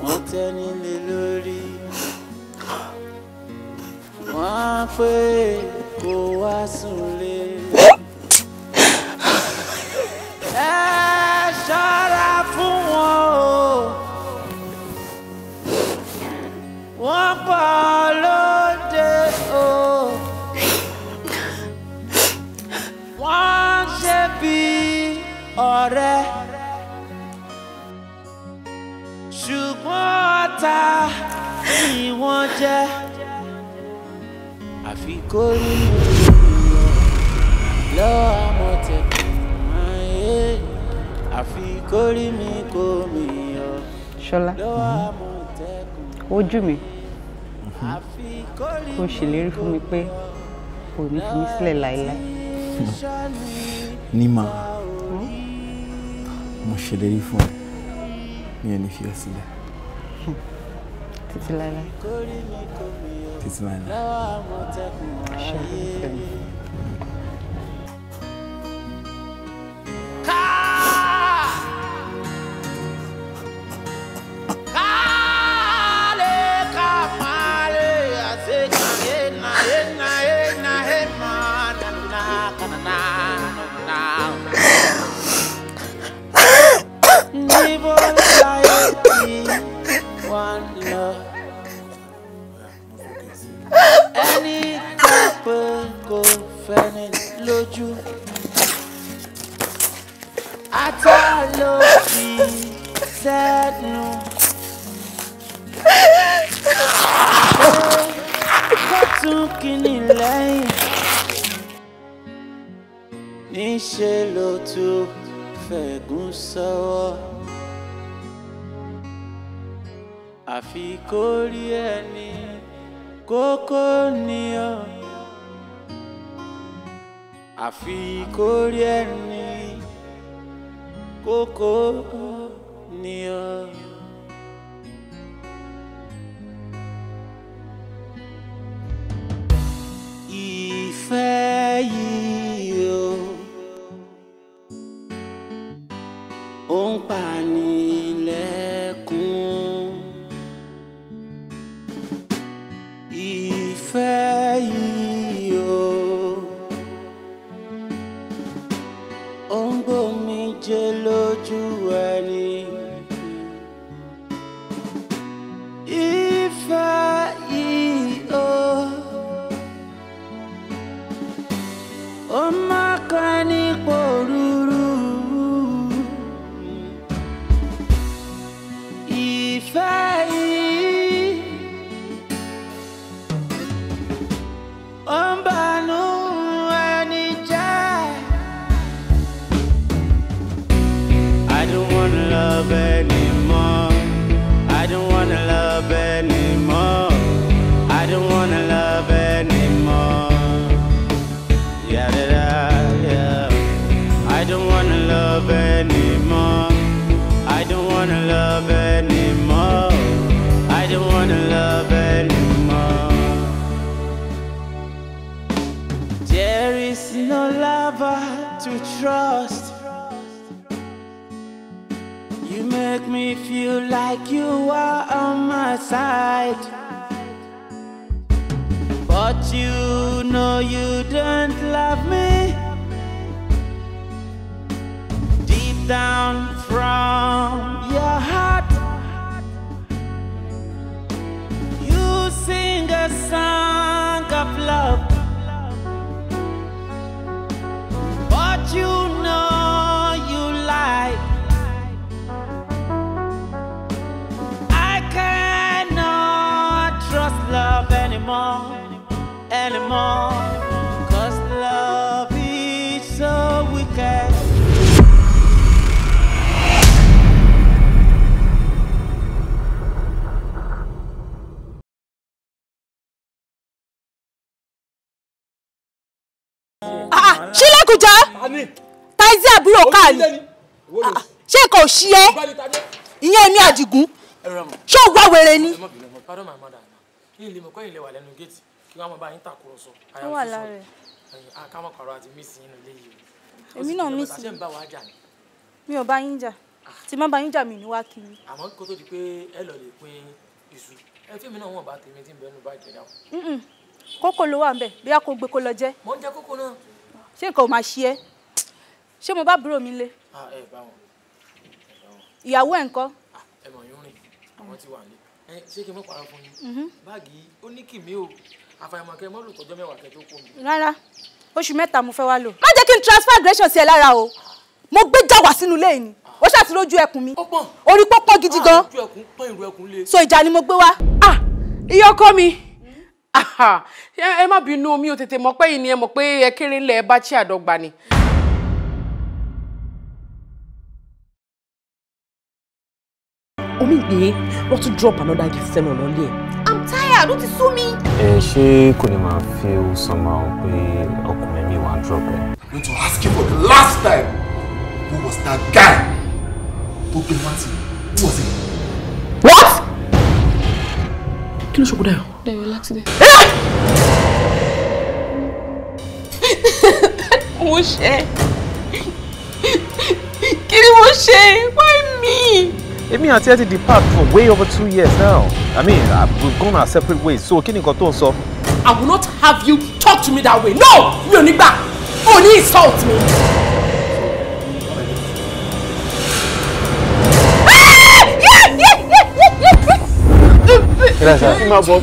wọ́n tẹ́ni lé lórí wọ́n á pé kó wá sùn lé. jẹ́ àfi kó rí mi lọ́wọ́ àmọ̀tẹ́kùn ayé àfi kó rí mi kó mi yọ. ṣọlá ojú mi kò ṣèlérí fún mi pé kò ní fi mí sílẹ̀ láéláé. ní hmm? mo ṣèlérí fún ẹ mi ò fi ẹ sílẹ̀. títí láéláé. títí láéláé. Follow me, said no. Kọ́tún kìíní lẹ́yìn. Níṣẹ́ ló tún fẹ̀gún sọ́wọ́. Àfi kó rí ẹni kókó ni ọ́. Àfi kó rí ẹni. Coco Nia. Àbújá Taizi àbúrò káà ni ah, ṣé kò ṣí ẹ ìyẹn ní àdìgún ṣé o wá wèrè ni. èmi náà mísì yín mi ò bá yín jà ah. tí má bá yín jà mí ní wá kiri. àmọ́ kó tó di pé ẹ lọ lè pín iṣu ẹ fí mi náà wọ̀n bá tèmi tí ń bẹ́ẹ̀ nù bá jẹ̀dá. kókò ló wà ń bẹ̀ bí a kò gbé kó lọ jẹ́. mo ń jẹ kókò náà ṣé nǹkan ò máa ṣe ẹ́ ṣé mo bá búrò mi lé. ìyàwó ẹ̀ ńkọ́. ẹ mọ̀ yín rìn àwọn ti wà ní. ṣé kí n mọ̀ pàrọ̀ fún yín. Mhm. báàgì ó ní kìmí o àfàìmọ̀kẹ́ mọ́ lùtọ́jọ́ mẹ́wàá kẹ́ tó kó mi. rárá oṣù mẹ́ta mo fẹ́ wá lò. má jẹ́ kí n transfer aggression sí ẹ lára o mo gbé jàwá sínú ilé yìí ó ṣàti lójú ẹkùn mi orí pọ́pọ́ gidi ah, gan so ìjà ni mo gbé wá. ah ìyọkọ mi ẹ má bínú mi ò tètè mọ̀ pé yìí ni ẹ mọ̀ pé ẹ kéré lẹ ẹ bá tí àdọgba ni. omi gbé wọn tún drop another gift sẹ́nu ọ̀nà i'm tired ó ti sú mi. ẹ ṣé kò ní máa fi ó sọmọ pé ọkùnrin mi wàá drop ẹ. i'm going to ask you for the last time who was that guy tó gbé wá sí who was he. what kí ló ṣokùn Dayọ̀. Dayọ̀ l'accident. mo ṣe kí ni mo ṣe why me. èmi àti ẹ ti depart for way over two years now i mean uh, we've gone our separate ways so kí ni nǹkan tó ń sọ. i will not have you talk to me that way no mi ò ní gbà o insult me. kí máa bọ̀.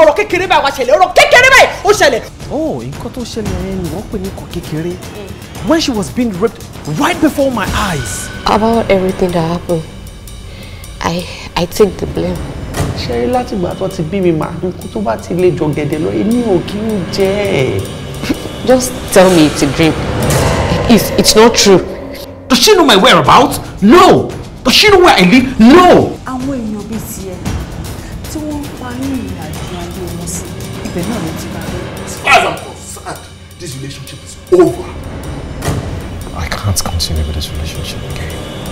ọ̀rọ̀ kékeré báyìí wá ṣẹlẹ̀ ọ̀rọ̀ kékeré báyìí ó ṣẹlẹ̀. oh nǹkan tó ṣẹlẹ̀ yẹn ni wọ́n mm. when she was being raped right before my eyes. about everything that happened i i take the blame. ṣe rí látìgbà tó ti bí mi mà nǹkan tó bá ti lè jọ gẹ̀dẹ̀ lọ èmi ò kí just tell me it's a dream it's, it's not true. does she know my whereabouts? no. Does she know where I live no. àwọn èèyàn bíi tiẹ̀ tí wọ́n ń pa ní ìrìn àjò ayé wọn sí ibẹ̀ náà ló ti bá as far as I'm concerned this relationship is over. I can't continue with this relationship again.